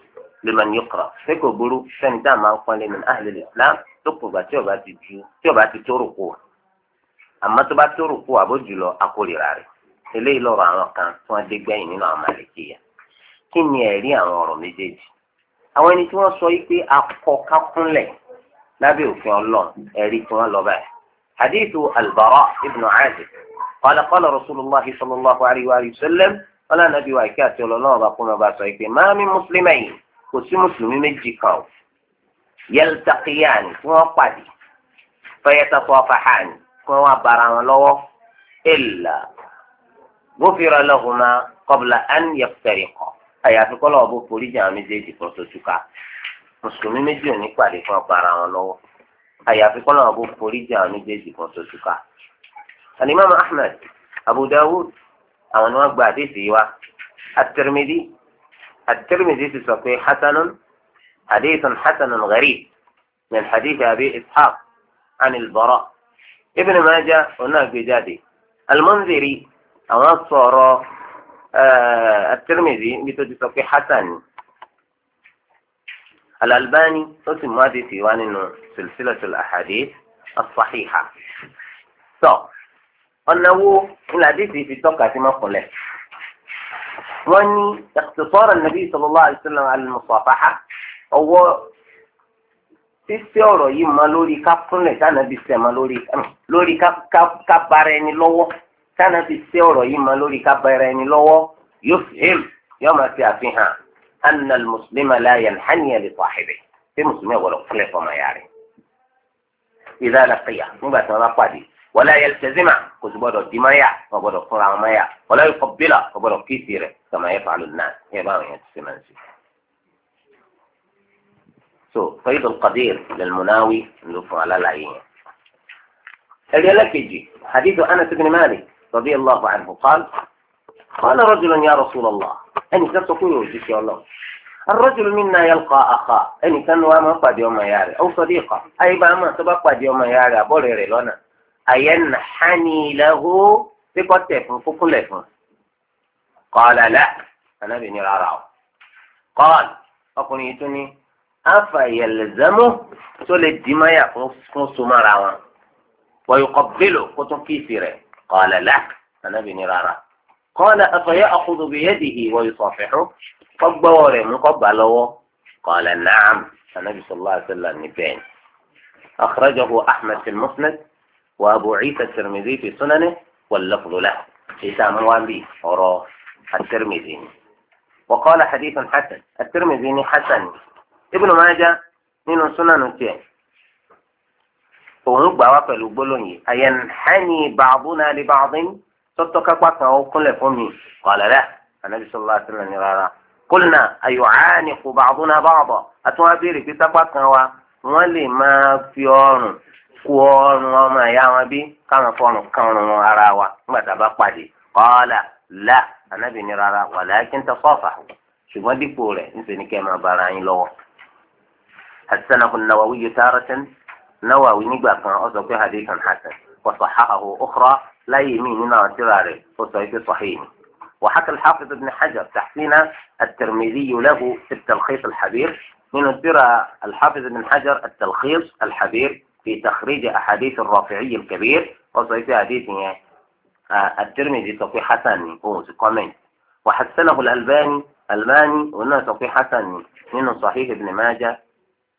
liman yuqra ṣé kò burú sẹ́ni tá a máa ń pọ́nlé min ahli al-islam tó kò bá tí ò bá ti tó rò kó. àmọ́ tó bá tó rò kó àbó jùlọ akórira rẹ̀ eléyìí lọ́rọ̀ àwọn kan tí wọ́n dé gbẹ̀yìn nínú àwọn màlìkìyà kí ni ẹ̀rí àwọn ọ̀rọ̀ méjèèjì àwọn ẹni tí wọ́n sọ yìí pé akọ kákúnlẹ̀ lábẹ́ òfin ọlọ́run ẹ̀rí tí wọ́n lọ báyìí hadithu albara ibn azib qala qala rasulillah sallallahu alayhi wa sallam wala nabi wa ike àti ọlọ́run ọba kúnlẹ̀ ọba sọ yìí pé ma min kò sí mùsùlùmí méjì kan yaltaqiyani tí wọ́n pàdé fayatasafahan kó wọn abara wọn lọ́wọ́ illa ghufira lahuma qabla an yaftariqa àyàfi kọ́ lọ́wọ́ bó forí jẹ́ àmì méjèèjì kan tó túká mùsùlùmí méjì ò ní pàdé fún abara wọn lọ́wọ́ àyàfi kọ́ lọ́wọ́ bó forí jẹ́ àmì méjèèjì kan tó túká. alimami ahmed abu dawud àwọn ni wọ́n gba àdéhìí wa at-tirmidhi ti sọ pé hasanun hadithun hasanun gharib min hadith abi ishaq anil bara. Ibn Majah ọ̀nà àgbéjáde Al-Munziri àwọn sọ̀rọ̀ At-Tirmidhi níbi tó ti sọ pé hasan ni Al-Albani ó sì mú àdìsí wá nínú silsilatul ahadith as-sahiha tọ́ ọ̀nà wo ńlá àdìsí fi tọ́ka sí mọ́kànlẹ̀ wọ́n ní ikhtisar an-nabi sallallahu alaihi wasallam al-musafaha ọwọ́. sísẹ ọ̀rọ̀ yìí ma lórí ká kúnlẹ̀ tánàbí sẹ ma lórí lórí ká bara ẹni lọ́wọ́ tánàbí sẹ ọ̀rọ̀ yìí ma lórí ká bara ẹni lọ́wọ́ yóò fìhìm yóò máa fi àfihàn anna muslima la yanhaniya fọ sahibi ṣé mùsùlùmí ọ̀wọ́lọ̀ fúnlẹ̀ fọmọ ya rẹ̀ ìdá àlàkìyà nígbà tí wọ́n bá pàdé wala yaltazima kò sì gbọ́dọ̀ dì máyà wọ́n gbọ́dọ̀ fúnra wọn máyà wala yuqabbila wọ́n gbọ́dọ̀ kíìsì rẹ̀ so Sayyid al-Qadir lẹ́lmúnáwí ló fún alálàyé yẹn. ẹ̀rí ẹlẹ́kejì hadithu Anas ibn Malik radiyallahu anhu qala qala rajulun ya Rasulallah ẹnì kan sọ pé yóò jí sí ọlọ́ الرجل منا يلقى أخاه أني كان وما قد يوم ياري أو صديقة أي بما سبق قد يوم ياري أبو ريري لنا أينحني له بقتف فكلف قال لا أنا بني العراو قال أقنيتني afàyẹlẹzẹmú tó lè dì máyà fún sumara wọn wọ́yọ̀kọ̀ bílò kó tún kíìsì rẹ̀ kọ́lẹ̀ lẹ́ anábì ní rárá kọ́lẹ̀ afàyẹ àkùdù bí yẹ́dì hì wọ́yọ̀kọ̀ fìhú kọ́ gbọ́wọ́ rẹ̀ mú kọ́ gbà lọ́wọ́ kọ́lẹ̀ nàám anábì sọ̀rọ̀ àṣẹlá ní bẹ́ẹ̀ ni. أخرجه أحمد في المسند وأبو عيسى الترمذي في سننه واللفظ له عيسى موان بي الترمذي وقال حديث حسن الترمذي حسن Ibnu Majah nínú súnánù tiẹ̀ òun gbà wá pẹ̀lú gbólóhùn yìí àyẹnhánì ba'duna li ba'din tọ́tọ́ kápá kan ó kúnlẹ̀ fún mi qala la Ànábì sallallahu alaihi wasallam ní rárá qulna ayu'aniqu ba'duna ba'da àtúwọn abéèrè pé sápá kan wa wọ́n lè máa fi ọrùn kú ọrùn ọmọ ẹ̀yà wọn bí káwọn fọrùn kọrùn ara wa nígbà tá a bá pàdé qala la Ànábì ní rárá walakin tasafahu ṣùgbọ́n dípò rẹ̀ ńṣe ni kẹ́ máa bára yín lọ́wọ́. حسنه النووي تارة نووي نيجا كان في حديثا حسن وصححه أخرى لا يمينينا هنا وصحيح صحيح وحكى الحافظ ابن حجر تحسين الترمذي له في التلخيص الحبير من الدرى الحافظ ابن حجر التلخيص الحبير في تخريج أحاديث الرافعي الكبير وصحيح حديثه آه، الترمذي صحيح حسن كومنت وحسنه الألباني الماني وإنه صحيح حسن من صحيح ابن ماجه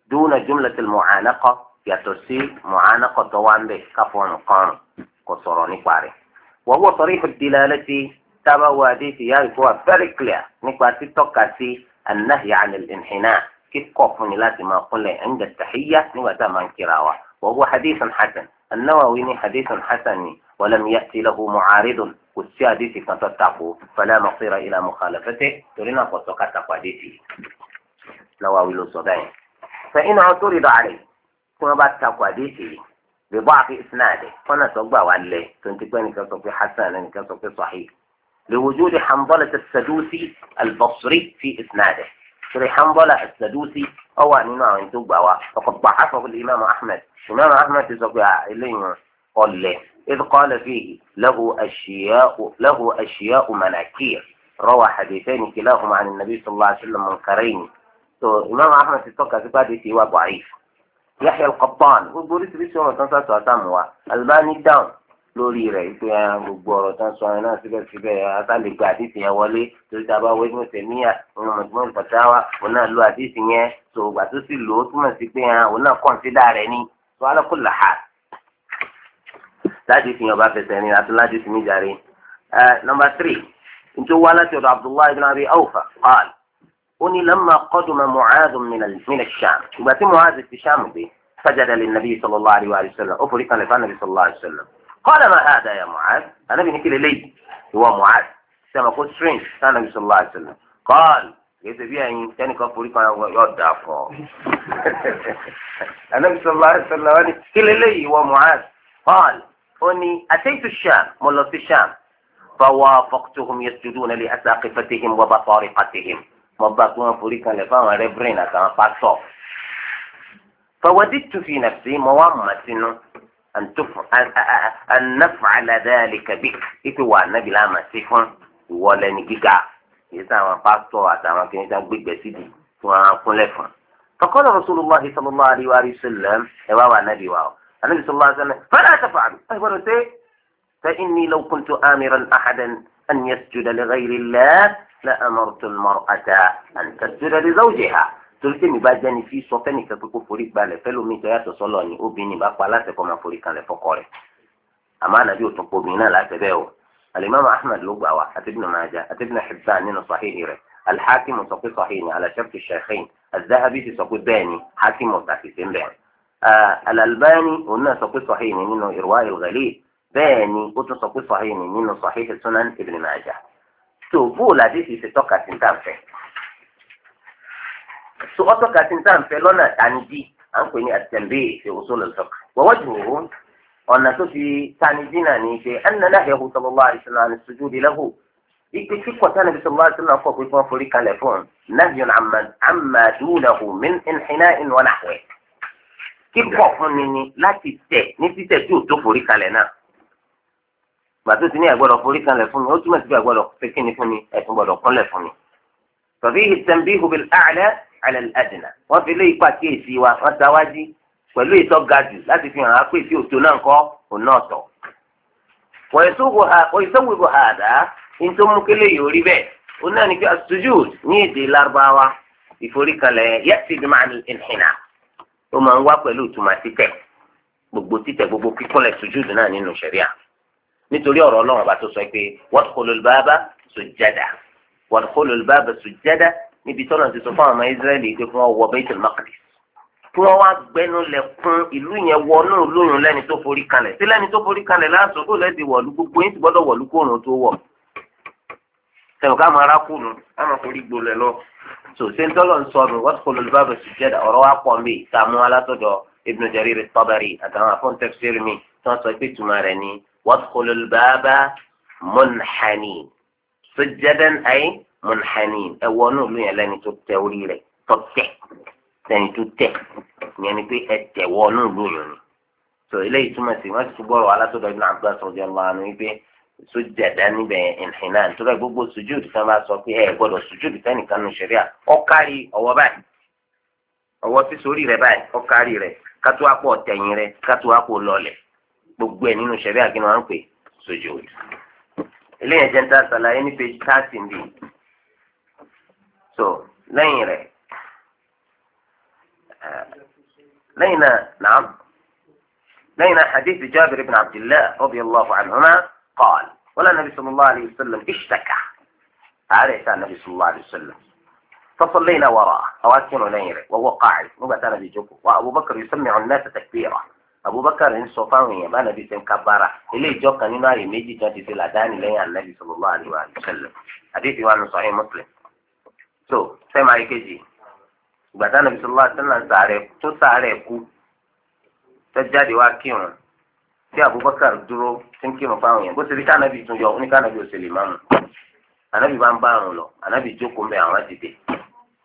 دون جملة المعانقة يترسي معانقة دوان به كفو نقان كسراني قاري وهو صريح الدلالة تابا وادي في يالكوا فريكليا نقاسي توكاسي النهي عن الانحناء كيف قفن لازم ما لي عند التحية نقاسا من كراوة وهو حديث حسن النووي حديث حسن ولم يأتي له معارض والسياديس كنتتاقو فلا مصير إلى مخالفته ترينا قصوكا تقوى ديتي نووي لصدين فإن اعترض عليه كما بات تقوى ديتي بضعف إسناده فأنا سأقبع عليه تنتقوني كسوفي حسن كسوفي صحيح لوجود حنظلة السدوسي البصري في إسناده شري حنظلة السدوسي هو نوع من تقبع وقد ضعفه الإمام أحمد الإمام أحمد يسوفي إليه قال له إذ قال فيه له أشياء له أشياء مناكير روى حديثين كلاهما عن النبي صلى الله عليه وسلم منكرين tó ìmáàmù ahmed ti tọ́ka sí pàdé ti wà bọ̀ọ̀yì yahya al-qattan gbogbo oríṣiríṣi ọ̀rọ̀ tán sàtọ̀ àtàmù wa albani down lórí rẹ̀ pé ah, gbogbo ọ̀rọ̀ tán sọ ẹ̀ náà síbẹ̀síbẹ̀ àtàlẹ́gbẹ̀ àdìsí yẹn wọlé torí tá a bá wọ inú tẹ̀míyà nínú mọ̀tìmọ̀ ìpàtàwà òun náà lo àdìsí yẹn tó gbà tó sì lò ó túmọ̀ sí pé ah, òun náà kọ̀ǹsídà rẹ̀ ni tó alákòlà hà láti fi hàn bá fẹsẹ̀ ní àti láti fi mí jàre. nọmba tírì nítorí láti ọ̀dọ̀ abdullahi ibn abi awfa قني لما قدم معاذ من من الشام وبعدين معاذ في الشام به فجد للنبي صلى الله عليه وآله وسلم أفرق النبي صلى الله عليه وسلم قال ما هذا يا معاذ أنا بنك لي هو معاذ سما قلت سرينش كان النبي صلى الله عليه وسلم قال إذا بيا إن كان كفريق أنا يودع فا أنا بس صلى الله عليه وسلم كل لي ومعاذ قال أني أتيت الشام ملص الشام فوافقتهم يسجدون لأساقفتهم وبطارقتهم mo bá pé wọ́n forí kalẹ̀ fáwọn rẹ́bìrìn àtàwọn pásọ̀. fọwọ́dí tufi nàfẹ́ mọ wá mọ̀ sínú ànáfà aládàálẹ̀ kàbí ìpè wà nábì láàmà sí fún ìwọlẹ̀ ní gíga èyí táwọn pásọ̀ àtàwọn kìnìún tán gbégbé síbi tí wọ́n á fún. فقال رسول الله صلى الله عليه وآله وسلم إيوا النبي واو النبي صلى الله عليه وسلم فلا تفعل أهبر فإني لو كنت آمرا أحدا أن يسجد لغير الله لأمرت المرأة أن تسجد لزوجها تلتمي بجاني في صوتني كتكو فريق بالي فلو ميتو ياتو صلواني أبيني باقوا لا تكو مفريقا لفقوري أما أنا جيو تنقو بينا لا تبعو الإمام أحمد لبعوة أتبنا ماجا أتبنا حبان نينو صحيح إيري الحاكم تقي صحيحني على شرط الشيخين الذهبي في سقو باني حاكم تقي سنبان آه، الألباني قلنا تقي صحيحني منه إرواي الغليل باني قلت تقي صحيحني منه صحيح السنن ابن ماجه so bóòlù àdéhìí ṣe tọ́ka sí níta nfẹ́ so ọ́ tọ́ka sí níta nfẹ́ lọ́nà tànídì à ń pè ní àtẹ̀mbé ṣe òṣò lọ́sọ̀ wọ́wọ́ jù wò ọ̀nà tó fi tànídì náà ní ṣe ẹnìnàlá ẹ̀hún sallallahu alaihi wasallam sujudi lahu ikpe kíkọ̀ tí anabi sallallahu alaihi wasallam kọ̀ pé kí wọ́n forí kalẹ̀ fún nàbíyàn àmàdúnàhù min inhina'in wa nahwihi kíkọ̀ fún gbàtó ti ní ẹgbọ́dọ̀ forí kanlẹ̀ fún mi ó túmọ̀ sí pé ẹgbọ́dọ̀ pékinni fún mi ẹ̀sùn gbọ́dọ̀ kúnlẹ̀ fún mi. tọ́fí ìtẹ̀mbíhu bil a'la ala wọ́n fi lé ipa wa wọ́n pẹ̀lú ìtọ́ ga jù láti fi hàn òtò náà kọ́ àdá mú kélé yìí orí bẹ́ẹ̀ ó náà ní ní èdè lárúbáwá nítorí ọ̀rọ̀ ọlọ́run ọba tó sọ pé wadkhulul baba sujjada wadkhulul baba sujjada níbi tọ́lọ̀ ti sọ fún àwọn ọmọ Israẹli pé kí wọ́n wọ Baitul Maqdis kí wọ́n wá gbẹnu lẹ̀kùn ìlú yẹn wọnú lóyún lẹ́ni tó forí kalẹ̀ sí lẹ́ni tó forí kalẹ̀ láàtọ̀ tó lẹ́dí wọ̀lú gbogbo yín ti gbọ́dọ̀ wọ̀lú kóòrùn tó wọ̀ sẹ̀wọ̀n ká máa rákùnù ká máa forí gbolẹ̀ lọ so ṣé ń tọ́lọ̀ ń sọnù wadkhulul baba sujjada ọ̀rọ̀ wa pọ̀ mí ìtààmú alátọ̀dọ̀ Ibn Jarir at-Tabari àtàwọn afọ́ntẹ́fẹ́rẹ́ mi tí wọ́n sọ pé tùmọ̀ rẹ̀ ni وادخلوا الباب منحنين سجدا أي منحنين أولو من لن تتوري لي تتح تاني تتح يعني في التوانو لوني so eléyìí túmọ̀ sí wọ́n ti gbọ́rọ̀ alátọ́dọ̀ ibn Abbas radiyallahu anhu wípé sujada níbẹ̀ ìnhìnà nítorí gbogbo sujúdù kan bá sọ pé ẹ gbọ́dọ̀ sujúdù fẹ́nìkan nu ṣẹ̀ríà ó kárí ọwọ́ báyìí ọwọ́ sísorí rẹ̀ báyìí ó kárí rẹ̀ kátó àpò ọ̀tẹ̀yìn rẹ̀ kátó àpò lọlẹ̀ gbogbo ẹ̀ nínú sẹ̀rí àkínú à ń pè sojú òdì. eléyìí jẹ́ ta ṣàlàyé ní page thirty ń bì. so lẹ́yìn rẹ̀ lẹ́yìn náà náà lẹ́yìn náà hadith Jabir ibn Abdillah radiyallahu anhuma qala wala nabi sallallahu alayhi wa sallam ishtaka àárẹ̀ ta nabi sallallahu alayhi wa sallam. فصلينا وراءه أو أسكن ليله وهو قاعد مو نبي جوكو وأبو بكر يسمع الناس تكبيره abubakar ń sọ fáwọn èèyàn bá nàbí ṣe ń kábàrà eléyìí jọ kan nínú ààyè méjì tó ti ṣe làdáni lẹ́yìn ànábì sallallahu alaihi wa sallam àdéhùn wa nù sahih muslim. so sẹ́mi ayé kejì ìgbà tá nàbí sallallahu alaihi wa sallam sàárẹ̀ tó sàárẹ̀ kú tó jáde wá kírun tí abubakar dúró tí ń kírun fáwọn èèyàn bó ṣe rí kánàbì tún yọ oníkánàbì ò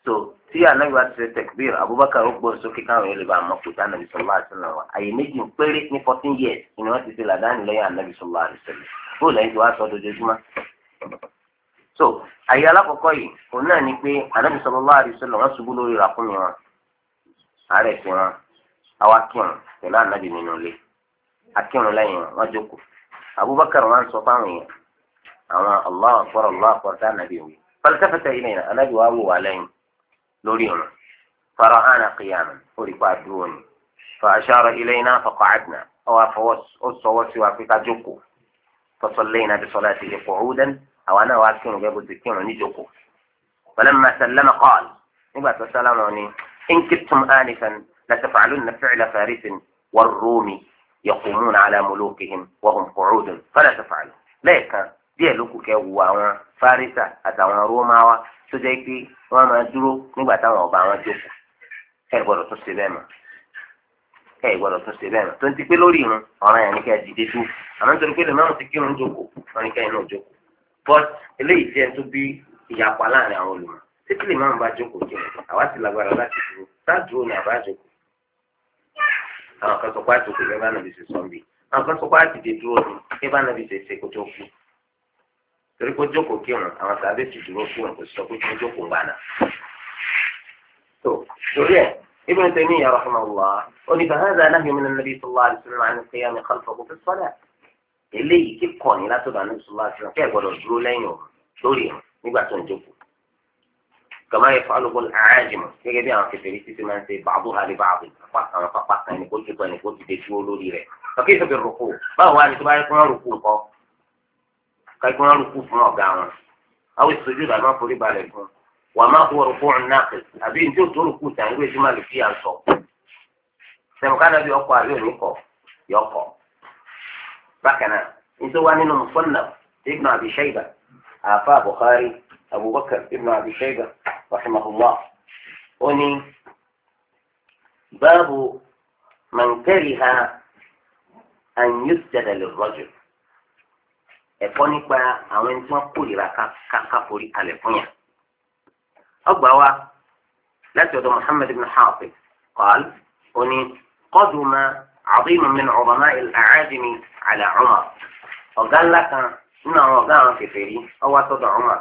so tí anabi bá ti ṣe tẹkbíir abubakar ó gbọ́ sókè káwọn olè bá mọ̀ kó tá anabi sọlá àṣìlá wa àyè méjì péré ní fourteen years ni wọ́n ti ṣe làdáni lẹ́yìn anabi sọlá àṣìlá bóòlù lẹ́yìn tí wàá sọ dojoojúmọ́. so àyè alákọ̀ọ́kọ́ yìí òun náà ni pé anabi sọlá àṣìlá wọn ṣubú lórí ràkúnmí wọn àárẹ̀ sí wọn àwa kírun pẹ̀lú anabi nínú ilé akírun lẹ́yìn wọn jókòó abubakar wọn sọ fáwọn èèyàn àwọn allah akbar allah akbar tá anabi wí falsafata ilẹ̀ anabi wàá wò wà lẹ́yìn لوريون فرانا قياما اوريكو ادون فاشار الينا فقعدنا او فوس او سوا في كاجوكو فصلينا بصلاته قعودا او انا واكن جابو الدكين وني جوكو فلما سلم قال نبات السلام عني ان كنتم انفا لتفعلن فعل فارس والرومي يقومون على ملوكهم وهم قعود فلا تفعلوا ليك díẹ̀ ló kù kẹ́ wo àwọn fárísà àtàwọn rómáwá tó jẹ́ pé wọ́n máa dúró nígbà táwọn ọba wọn jókòó ẹ gbọ́dọ̀ tún ṣe bẹ́ẹ̀ mọ́ ẹ gbọ́dọ̀ tún ṣe bẹ́ẹ̀ mọ́ tó ń ti pé lórí irun ọ̀ràn yẹn ní kẹ́ dìde tó àmọ́ nítorí pé lèmọ́ọ̀mù ti kírun jókòó wọn ní kẹ́yìn náà jókòó bọ́t eléyìí jẹ́ tó bí ìyapa láàrin àwọn olùmọ̀ tí kí lèmọ́ọ̀mù bá jókòó jẹ́ àwa ti lágbára láti dúró sáàdúró ni àbá jókòó àwọn kan sọ pé àjòkòó lẹ́bàá nàbì ṣe sọ́ńbì àwọn kan sọ pé àjìdè dúró ni lẹ́bàá nàbì ṣe ṣe kó tó kú torí kó jókòó kírun àwọn sàbẹ̀ sì dúró kírun kò sọ pé kó jókòó gbà náà. tó torí ẹ ابن تيمية رحمه الله قال فهذا نهي من النبي صلى الله عليه وسلم عن القيام خلفه في الصلاة اللي كيف قوني لا تدع النبي صلى الله عليه وسلم كيف قالوا الجلو لين دوري نبع تنجبه كما يفعله الأعاجم يجب أن تفريسي سمان سي بعضها لبعض فقط أنا فقط يعني قلت يعني قلت تجولوا لي فكيف بالركوع ما هو أن تبعي كمان ركوع kájú wọn rúkú fún ọ̀gá wọn àwọn ìṣojú ìlànà forí balẹ̀ fún wà má kó rúkú náà àbí njó tó rúkú tàǹgbé tí má lè fi àṣọ sẹmukánà bí ọkọ àbí oníkọ yọkọ bákan náà nítorí wá nínú musonna ibn abi shayba àfa bukhari abubakar ibn abi shayba rahimahullah ó ní báàbù an yusjada lirrajul ẹ̀kọ́ nípa àwọn ẹni tí wọ́n kórìíra káká forí kalẹ̀ fún yà. ọgbà wa láti ọ̀dọ̀ Muhammad ibn Hafiz qaal oní qaduma azimun min ulama al-a'ajim ala Umar ọ̀gá ńlá kan nínú àwọn ọ̀gá àwọn kèfèrí ọwọ́ sọ́dọ̀ Umar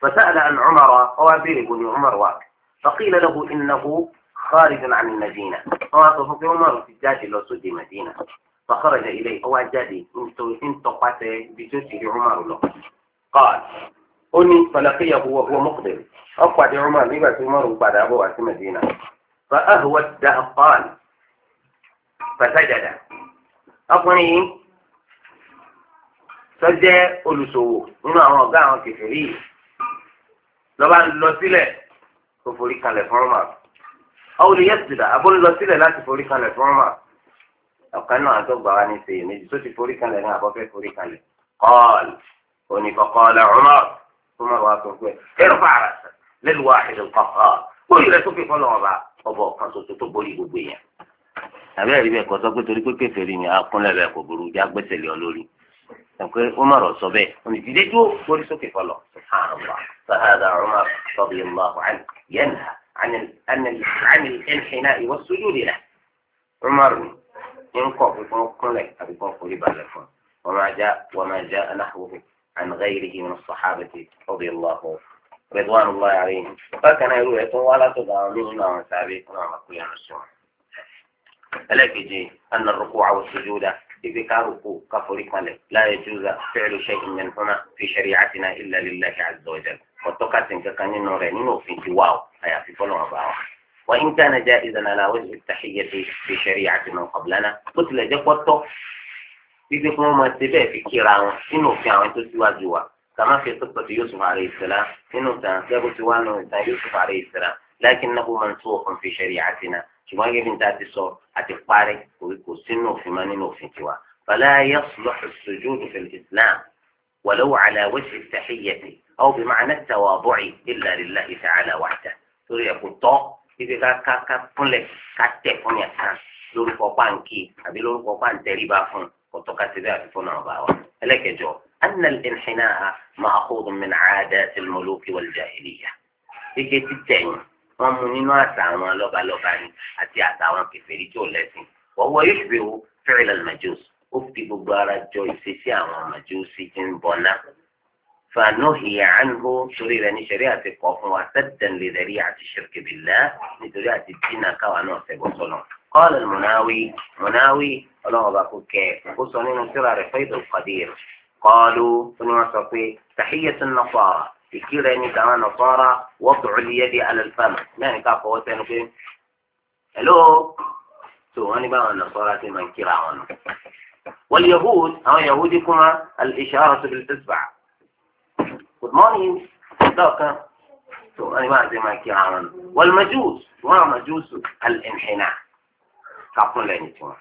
فسأل عن عمر أو أبير بن عمر واك فقيل له إنه خارج عن المدينة فخرج إليه أو أجدي إن تقاتي بجوته عمر له قال أني فلقيه وهو مقبل أقعد عمر لما عمر بعد أبو في مدينة فأهوى الدهقان فسجد أقني سجد ألسوه هنا هو قاعد كفري لما لو سيلة كفري كان لفرما أو ليسجد أقول لو لا كفري كان لفرما ọ̀kan náà tó gbà wá ní ṣe méjì tó ti forí kalẹ̀ ní àbọ̀fẹ́ forí kalẹ̀ kọ́ọ̀lù òní kọ́kọ́ọ̀lù Umar tó máa wá sọ pé ẹ̀rọ fàrà lẹ́nu wá ìlú kọ̀ọ̀kọ́ bóyá rẹ̀ tó fi fọ́lọ́ ọba ọba ọ̀kan ṣoṣo tó borí gbogbo èèyàn. àbẹ́ ẹ̀rí bẹ́ẹ̀ kọ́ sọ pé torí pé kèfèrí ni akúnlẹ̀ rẹ̀ kò burú já gbẹ́sẹ̀ lé ọ lórí ẹ̀kọ́ Umar to maa wa to pe ero fara bẹ́ẹ̀ fi folo oba obo okan to dídé ko so pe tori pe kefe ri ni borí sókè oni to bori soke folo subhanallah عمر ń kọ̀ pé kán kúnlẹ̀ àbí kán forí balẹ̀ fún un ọ̀rọ̀ ajá wọn máa já anáhùn عن غيره من الصحابة رضي الله رضوان الله عليهم فكان يقول لكم ولا تضامنون وسابقون ومكويا نسوا الأكجي أن الركوع والسجود بذكارك كفرك لا يجوز فعل شيء منهما في شريعتنا إلا لله عز وجل وتقاتل كان ينورين في سواه أي في فلوه وإن كان جائزا على وجه التحية في شريعة من قبلنا قتل جفوته في ما سبب في كيران إنه كان أنت سوى جوا كما في قصة يوسف عليه السلام إنه كان سبب سوى يوسف عليه السلام لكنه منسوخ في شريعتنا كما يبين تاتي صور أتفاري ويكو سنو في ماني نوفي كوا فلا يصلح السجود في الإسلام ولو على وجه التحية أو بمعنى التواضع إلا لله تعالى وحده سوري أقول ibi ká ká ká kúnlẹ̀ ká tẹ̀ fún yàn kan lórúkọ pàǹkì àbí lórúkọ pàǹtẹ̀ríba fún kòtò ká ti bẹ́ẹ̀ àti fún náà bá wa. ẹlẹ́kẹjọ أن الانحناء مأخوذ من عادات الملوك والجاهلية ike títẹ̀ yìí wọ́n mú nínú àṣà àwọn lọ́balọ́ba ni àti àṣà àwọn kèfèrí tí ò lẹ́sìn wọ́wọ́ yóò ṣubú fẹ́rẹ̀lẹ̀ majus ó fi gbogbo ara jọ ìṣesí àwọn majus ti ń bọ̀ náà فنهي عنه شرير نشريعة يعني القوف وسدا لذريعة الشرك بالله لذريعة الدين كوانو سيبوصلو قال المناوي مناوي الله باكوك بوصلين سرى رفيد القدير قالوا فنوصفي تحية النصارى يكيل اني يعني كما نصارى وضع اليد على الفم يعني كافة وسنو كي الو سو هاني بقى النصارى تيمان كيرا واليهود ها يهودكما الاشارة بالاسبع good morning lọ́ọ̀kan tó wọ́n ní máa ṣe máa kí àwọn nù wọ́n majus wọ́n àwọn majus al-inhina kakún lẹ́yìn tiwọn.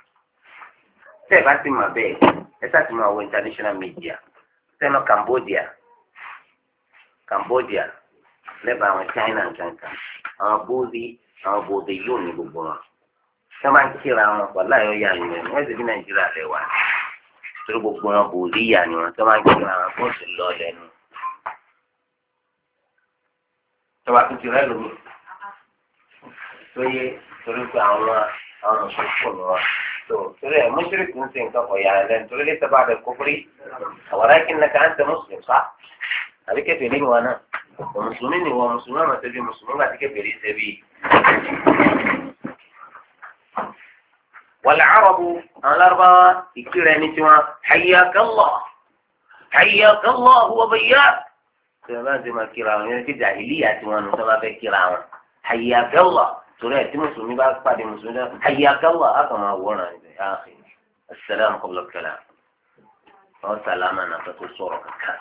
tẹ́ ẹ bá ti máa bẹ́ẹ̀ ẹ sá ti máa wọ international media sẹ́nu Cambodia Cambodia lẹ́bàá àwọn China nǹkan àwọn bóòdì àwọn bóòdì yóò ní gbogbo wọn. sẹ́nu bá ń kíra wọn pọ̀ láyọ̀ yà ní ẹ̀mí wọ́n ti Nàìjíríà lẹ̀ wá gbogbo wọn bóòdì yà ni wọn sẹ́nu bá ń kíra wọn fún ìlọ́ọ̀lẹ́nu. tọ́ba tó ti rẹ́ lómi tó yé torí pé àwọn àwọn ọ̀sán pọ̀ lọ́wọ́ tó torí ẹ̀ mọ́ṣíríkì ń ṣe nǹkan kọ̀ yà lẹ́nu torí lè sábà bẹ kókórí àwọn aráàlú kìnnìkan kan ń tẹ mùsùlùmí fa àbí kẹfìrí ni wọn náà wọn mùsùlùmí ni wọn mùsùlùmí ọ̀nà tẹ́bi mùsùlùmí wọn àti kẹfìrí tẹ́bi. wàlẹ̀ àrọ̀bù àwọn lárúbáwá ìkírẹ́ni tiwọn hayyakallah hayyakallah huwa bayyan. kí wọn bá ṣe máa kíra àwọn yẹn kí jàhìlíyà tí wọn nù tó bá fẹ́ kíra mùsùlùmí sí mùsùlùmí dàhílì tó àyàkẹ́wà torí ẹ̀ tí mùsùlùmí bá pàdé mùsùlùmí aye àyàkẹ́wà á kàn máa wọ̀ràn ẹ̀ ààfin asàlám kọ́bùlọ̀ kẹlẹ́ àwọn sàlámà náà fẹ́ tó sọ̀rọ̀ kaka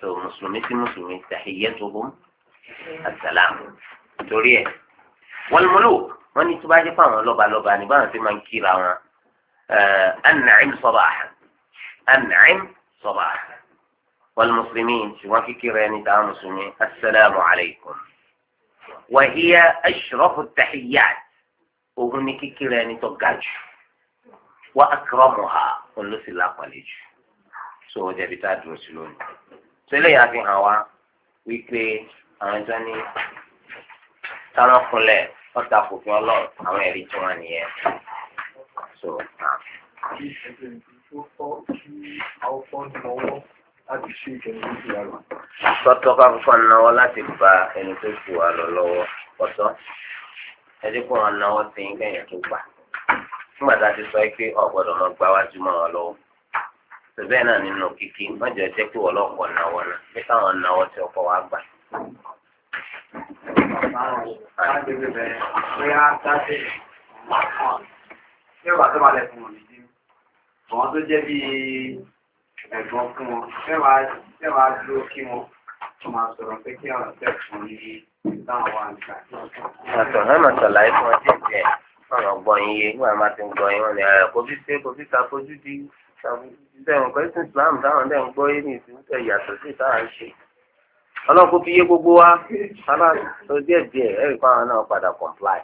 tó mùsùlùmí sí mùsùlùmí to tàhíyẹ́tuhum asàlám torí ẹ̀ wal muluk wọ́n ní tó bá jẹ́ loba lọ́balọ́ba ní báwọn ti máa ń kíra wọn e e an'im sabahan. والمسلمين شوان كيراني تاع مسلمين السلام عليكم وهي أشرف التحيات وهن كيراني تقاج وأكرمها ونسي الله قليج سو جابي تاع مسلمين سيلي يا في هوا ويكي أنجاني تانا كله ọta fòfin Ọlọ́run àwọn ẹrí tí láti ṣe ìjọba ìlú ìyá rẹ̀. tọ́tọ́ ká kọ́kọ́ náwó láti gba ẹni tó kù wá lọ lọ́wọ́ ọ̀tọ́ ẹ dín kó wọn náwó sí i kẹ́yìn tó gbà nígbà tá a ti sọ é pé ọ̀gbọ́dọ̀ máa gbá wájú mọ́ wọn lọ́wọ́ bẹ́ẹ̀ náà nínú kíkí mọ́jọ jẹ́ pé wọ́n lọ́kọ̀ náwó náà bí káwọn náwó tí ọkọ̀ wá gbà. Ṣé wàá tó balẹ̀ fún òní dín? Àwọn tó jẹ́ bíi ẹ̀gbọ́n fún wọn tẹ́wàá dúró kí wọn tó máa sọ̀rọ̀ pé kí àwọn tẹ̀sán ní táwọn wà níta. àtọ̀ náà mà sọ̀láì fún ọ díẹ̀ díẹ̀ wọn yé wọn máa ti gbọ́ yín wọn ni kò fi ṣe kò fi ṣàfojú di ṣàfojú kẹ́sìn Islam táwọn dẹ̀ ń gbọ́ yín ní ìsìnkú ìyàtọ̀ sí táwọn ṣe ọlọ́run kò fi yé gbogbo wa sábà tó díẹ̀ díẹ̀ ẹ̀rí fún àwọn náà padà comply.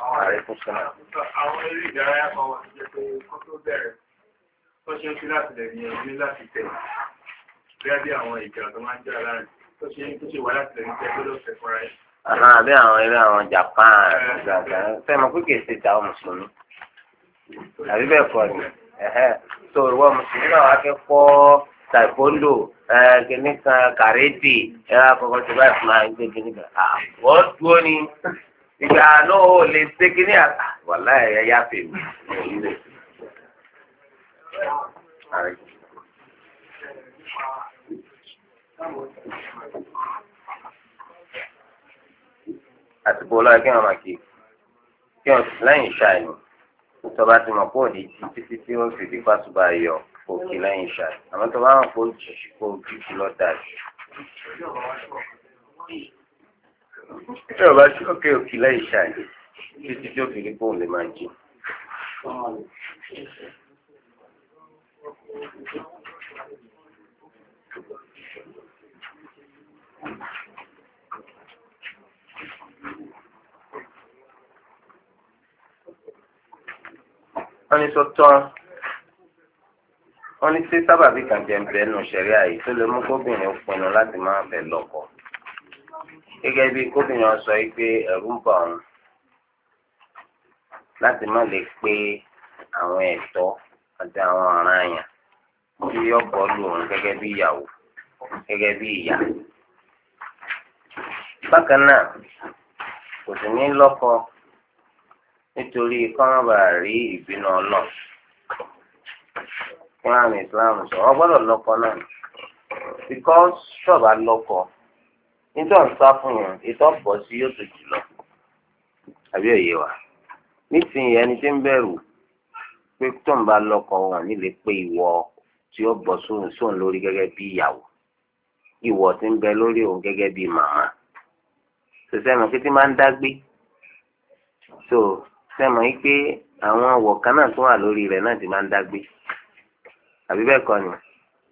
àwọn eré ìdárayá kan wà tó jẹ́ pé bẹ̀rẹ̀ tó ṣe ń fi láti lẹ̀ ní ẹ̀mí láti tẹ̀ bẹ́ẹ̀ bí àwọn ìjà tó máa ń jà láàrin tó ṣe tó ṣe wà láti lẹ̀ ní tẹ́ gbọ́dọ̀ fẹ́ fúnra ẹ̀. àmọ́ àbí àwọn ilé àwọn Japan gbàgbà fẹ́ẹ́ mọ pé kì í ṣe ìjà mùsùlùmí àbí bẹ́ẹ̀ kọ́ ni tó ìwọ mùsùlùmí náà wá fẹ́ kọ́ taekwondo kìnnì kàrẹ́tì ẹ̀rọ àkọ́kọ́ ti báyìí fún wa ń ààrẹ. àsìkò ọlọ́run kí wọ́n máa kí kí wọ́n lẹ́yìn ṣáìní tọba ti mọ̀ pọ̀ ní ti títí tí wọ́n fi di fásùbà yọ kò kí lẹ́yìn ṣáìní àmọ́ tọba wọn kò jì kò jì kí lọ́ dà jù. tí ọba tí ó kẹ́ òkì lẹ́yìn ṣáìní títí tí ó fi di bóun lè máa jì wọ́n ní sọ́tọ́ wọ́n ní sí sábàbí kan jẹ́ ńbẹ́ nù sẹ́rí àyè tó lè mú kóbìnrin pinnu láti máa fẹ́ lọ́kọ. gẹ́gẹ́ bí kóbìnrin sọ pé ẹ̀rù ń bà òun láti má lè pé àwọn ẹ̀tọ́ àti àwọn ọ̀ràn àyàn tí ọkọ bọ́ gẹgẹ òun gẹ́gẹ́ bí ìyàwó bi bí ìyá. bákan náà kò sì ní lọ́kọ nítorí kọ́nàbà rí ìbínú ọlọ́ fún àmì sọ ọ gbọdọ lọkọ náà because nítorí sá fún yẹn ìtọ́ bọ̀ sí yóò tó jù lọ àbí òye wa nísìnyí ẹni tí tí ó bọ̀ sóhun sóhun lórí gẹ́gẹ́ bí ìyàwó ìwọ tí ń bẹ lórí òun gẹ́gẹ́ bí màmá sọsẹ́mi pé tí máa ń dágbé so sẹ́mi yìí pé àwọn ọ̀wọ̀ kan náà tó wà lórí rẹ̀ náà ti máa ń dágbé àbí bẹ́ẹ̀ kọ́ ni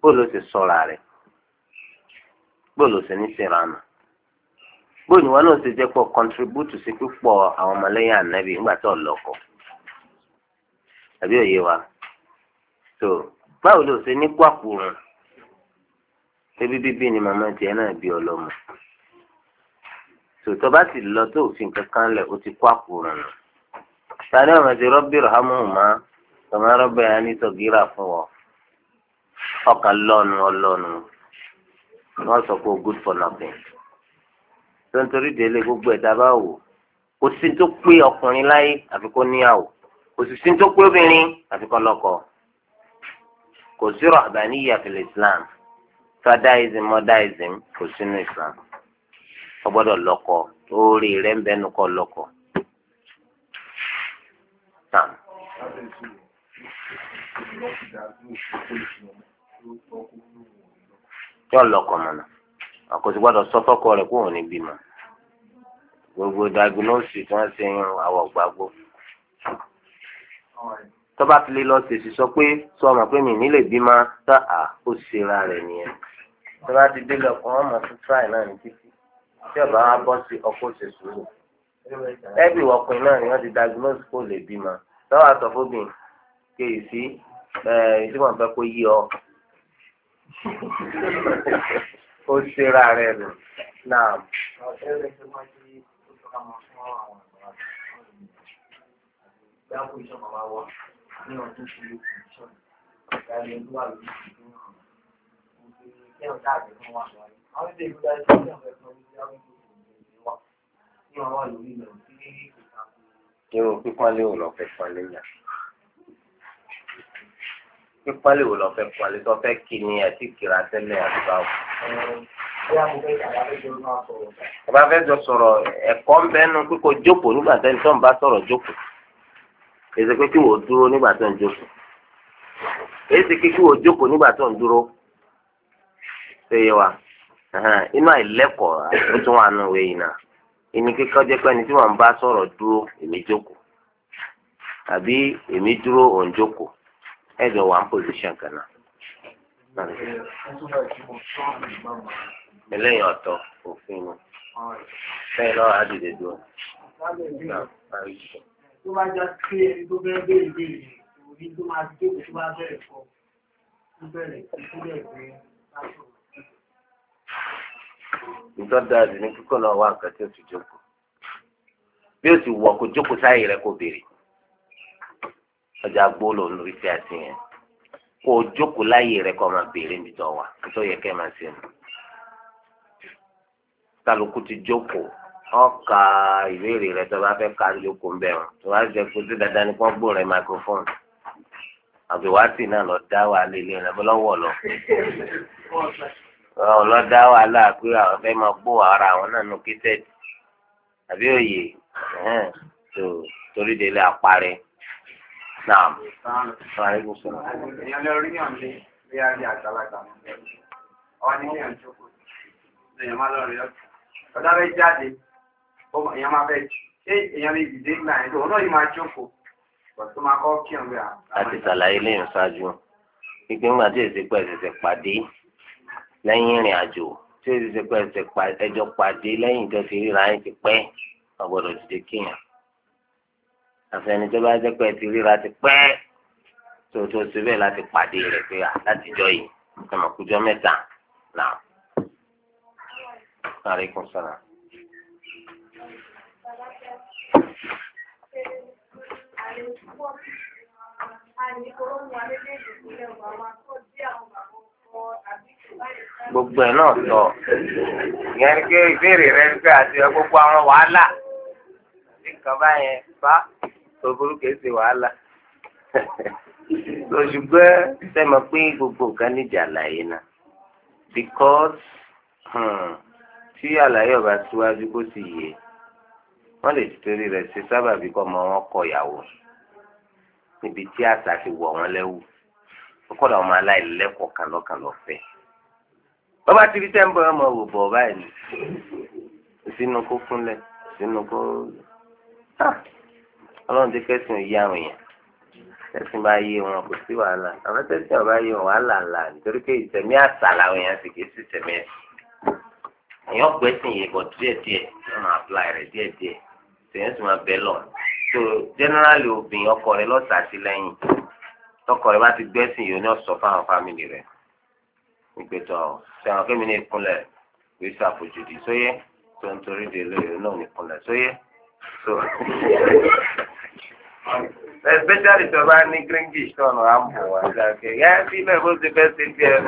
bó ló ti sọ̀rọ̀ rẹ̀ bó ló ti ní sèrànù bó ni wọn náà ti jẹ́ pọ̀ kọ́ntribútù sí pípọ̀ àwọn ọmọlẹ́yìn ànábì nígbà tó lọ́kọ̀ àbí òye wa so. báwo ló ṣe ní kwakù ebi bíbí ni màmá tiẹ̀ náà bí ọlọ́mọ tòótọ́ bá sì lọ tó òfin kankan lẹ̀ ó ti kwakù nù tani ọmọ ti rọ́bì rahamu ma tọ́mọ rọ́bì yẹn ní sọ̀gírà fún ọ ọkàn lọ́nu ọlọ́nu wọ́n sọ pé good for nothing tó ń torí délé gbogbo ẹ̀dá bá wò kò sí tó pé ọkùnrin láyé àfi kó níyàwó kò sì sí tó pé kò sí rọ̀bàníyà fìlẹ̀ islam fadaism modaism kò sínú islam o gbọ́dọ̀ lọ́kọ orí rẹ̀ ń bẹnu kọ́ lọ́kọ. yọ mọnà gbọ́dọ̀ sọ kó ń gbàgbó. tọ́ba fi lè lọ sèṣì sọ pé sọ ọmọ pé mi nílè bímọ tá a ó ṣera rẹ̀ nìyẹn tọ́ba ti dé lọ kàn án mọ̀ fún tíráì náà ní títí tí ọba wa bọ́ sí ọkọ̀ ṣe sùúrù ẹbí ọkùnrin náà ni wọ́n ti diagnose kó lè bímọ lọ́wọ́ àtọ́fóbìn kéyì sí tí wọ́n fẹ́ kó yí ọ ó ṣera rẹ̀ nù náà ní ọdún ò lọ fẹ́ pọ́nlé yà pípọ́nlé ò lọ fẹ́ pọ́nlé tó fẹ́ kí ni àti kìlá tẹ́lẹ̀ àti báwò ọba fẹ́ jọ sọ̀rọ̀ ẹ̀kọ́ ń bẹ́nu pé kò jókòó nígbà tẹ́ni tó ń bá sọ̀rọ̀ jókòó. èsì pé kí wò ó dúró nígbà tó ń jókòó èsì pé kí wò ó jókòó nígbà tó ń dúró ṣe yẹ wa inú àìlẹ́kọ̀ọ́ ó wa nù wẹ̀yì náà ìní kíkọ́ jẹ́ pé ẹni tí wọ́n bá sọ̀rọ̀ dúró èmi jókòó tàbí èmi dúró jókòó wà ń pòsíṣàn tó bá já sí ẹni tó bẹ́ẹ̀ bẹ́ẹ̀ bẹ́ẹ̀ òní tó máa jókòó tó bá bẹ̀rẹ̀ kọ́ tó bẹ̀rẹ̀ kí tó bẹ̀rẹ̀ bẹ́ẹ̀ lásán. ìjọba àdì ní kíkọ́ náà wá nǹkan tí ó ti jókòó bí ó ti wọ̀ kó jókòó sáyé rẹ̀ kó béèrè ọjà gbó lòun lórí tí a yẹn kó o jókòó láyé rẹ kó o máa béèrè níbi tó wà nítorí yẹ kẹ́ ẹ máa ṣe nù. kálukú ti jókòó Ọka ìbéèrè rẹ tó bá fẹ́ ka lóko ń wọn tó bá jẹ kó tó dandan ní kó gbó rẹ microphone sí náà lọ dá rẹ lọ lọ dá àwọn máa gbó ara àwọn náà nù àbí òye tó torí ọmọ èèyàn máa fẹ́ jù ṣé èèyàn lè dìde ńlá yẹn tó ọ̀nà yìí máa jókòó bọ̀tún máa kọ́ kí ọ̀rẹ́ àwọn. láti ṣàlàyé lẹ́yìn ṣáájú gbígbé ńgbà tí èsì pẹ̀ ṣẹ̀ṣẹ̀ pàdé lẹ́yìn ìrìn àjò tí èsì ṣe pẹ̀ ṣẹ̀ṣẹ̀ ẹjọ́ pàdé lẹ́yìn tó ti ríra yín ti pẹ́ ọ̀gbọ́dọ̀ dìde kíyàn. àfẹ́ni tó bá jẹ́ pé ti ríra ti pẹ́ tó tó síbẹ̀ láti pàdé rẹ̀ pé látijọ́ yìí ọmọkùjọ́ mẹ́ta náà gbogbo ẹ náà sọ ìyẹn ni pé ìbéèrè rẹ ń fẹ́ àti gbogbo àwọn wàhálà nǹkan báyẹn bá tó burúkú ṣe wàhálà lọ́sùgbẹ́ sẹ́mi pé gbogbo nǹkan níjà àlàyé náà because hmm, tí àlàyé ọba síwájú kó sì yé wọ́n lè torí rẹ̀ ṣe sábàbí kọ́ ọmọ wọn kọ ìyàwó níbi tí àṣà ti wọ̀ wọ́n lẹ́wù ó kọ́ ọmọ aláìlẹ́kọ̀ọ́ kan lọ́kàn lọ́fẹ́. bàbá ti fi tẹ́ǹbù ọmọ wò bọ̀ báyìí sínú kó kúnlẹ̀ sínú kó ah! ọlọ́run ti kẹ́sìn yí àwọn èèyàn tẹ̀sìn bá yé wọn kò sí wàhálà àwọn tẹ̀sìn ọba yé wọn wàhálà ńlá nítorí pé ìtẹ̀mí àṣà làwọn èèyàn sì kì í sí èèyàn gbẹ́sìn yìí bọ̀ díẹ̀díẹ̀ yóò máa apply rẹ̀ díẹ̀díẹ̀ tèèyàn sì máa bẹ lọ so generally obìnrin ọkọ rẹ̀ lọ́sàá sí lẹ́yìn tọkọ rẹ̀ bá ti gbẹ́sìn yìí ó ní ọ̀sọ̀ fáwọn fámìlì rẹ̀ ìgbẹ́tọ̀ sẹ́wọ̀n kémi ní ìkúnlẹ̀ kìí ṣàfojúdi sóyè tó ń torí de lóye náà nìkúnlẹ̀ sóyè so especially tó bá ní gringish tọ̀nà àmọ̀ wà dáké yẹ́n bí bẹ́ẹ̀ bó ti fẹ́ ṣe tiẹ̀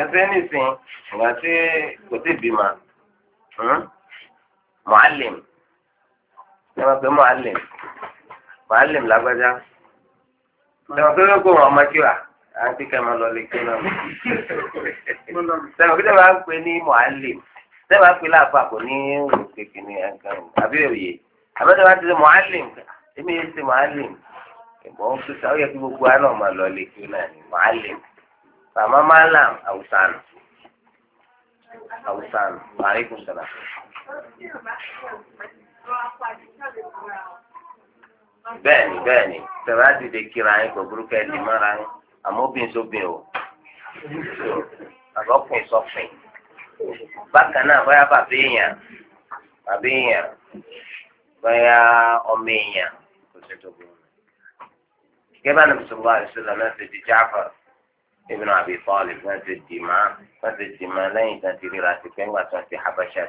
ẹgbẹ́ nísìn ìgbà tí kò tí bímọ mọ́álìm ní wọ́n pe mọ́álìm mọ́álìm lágbájá sẹ́wọ̀n tó yẹ kó wọn ọmọ kí wa à ń kíkẹ́ mọ́ lọ lè ké náà sẹ́wọ̀n kí ló máa ń pè ní mọ́álìm sẹ́wọ̀n máa ń pè láàbà kò ní òun kékeré àbí òye àbẹ́tẹ̀ máa ń tẹ̀lé mọ́álìm èmi yẹn ti mọ́álìm ìbọn ń pèsè àwọn yẹ kí gbogbo àná máa lọ lè kí náà ní màá lè màmá máa ń làm àwùsà nù àwùsà nù màá rí kùn sọ̀rọ̀. bẹ́ẹ̀ni bẹ́ẹ̀ni sẹ̀rá ti de kíra yín kò burúkú ẹ̀ lè yín àmọ́ obìnrin sóbìn o àbọ̀kùn sọ̀fìn bákan náà bóyá bàbá èèyàn bàbá èèyàn bóyá ọmọ èèyàn kò sí tó burú. كما نبي صلى الله عليه وسلم مسجد جعفر ابن ابي طالب مسجد جماع مسجد جماع لين تنتي ميراثكين وتنتي حبشتي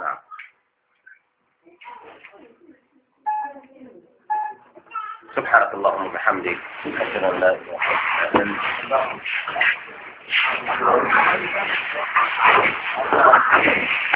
نعم سبحانك اللهم وبحمدك اشهد ان لا اله الا انت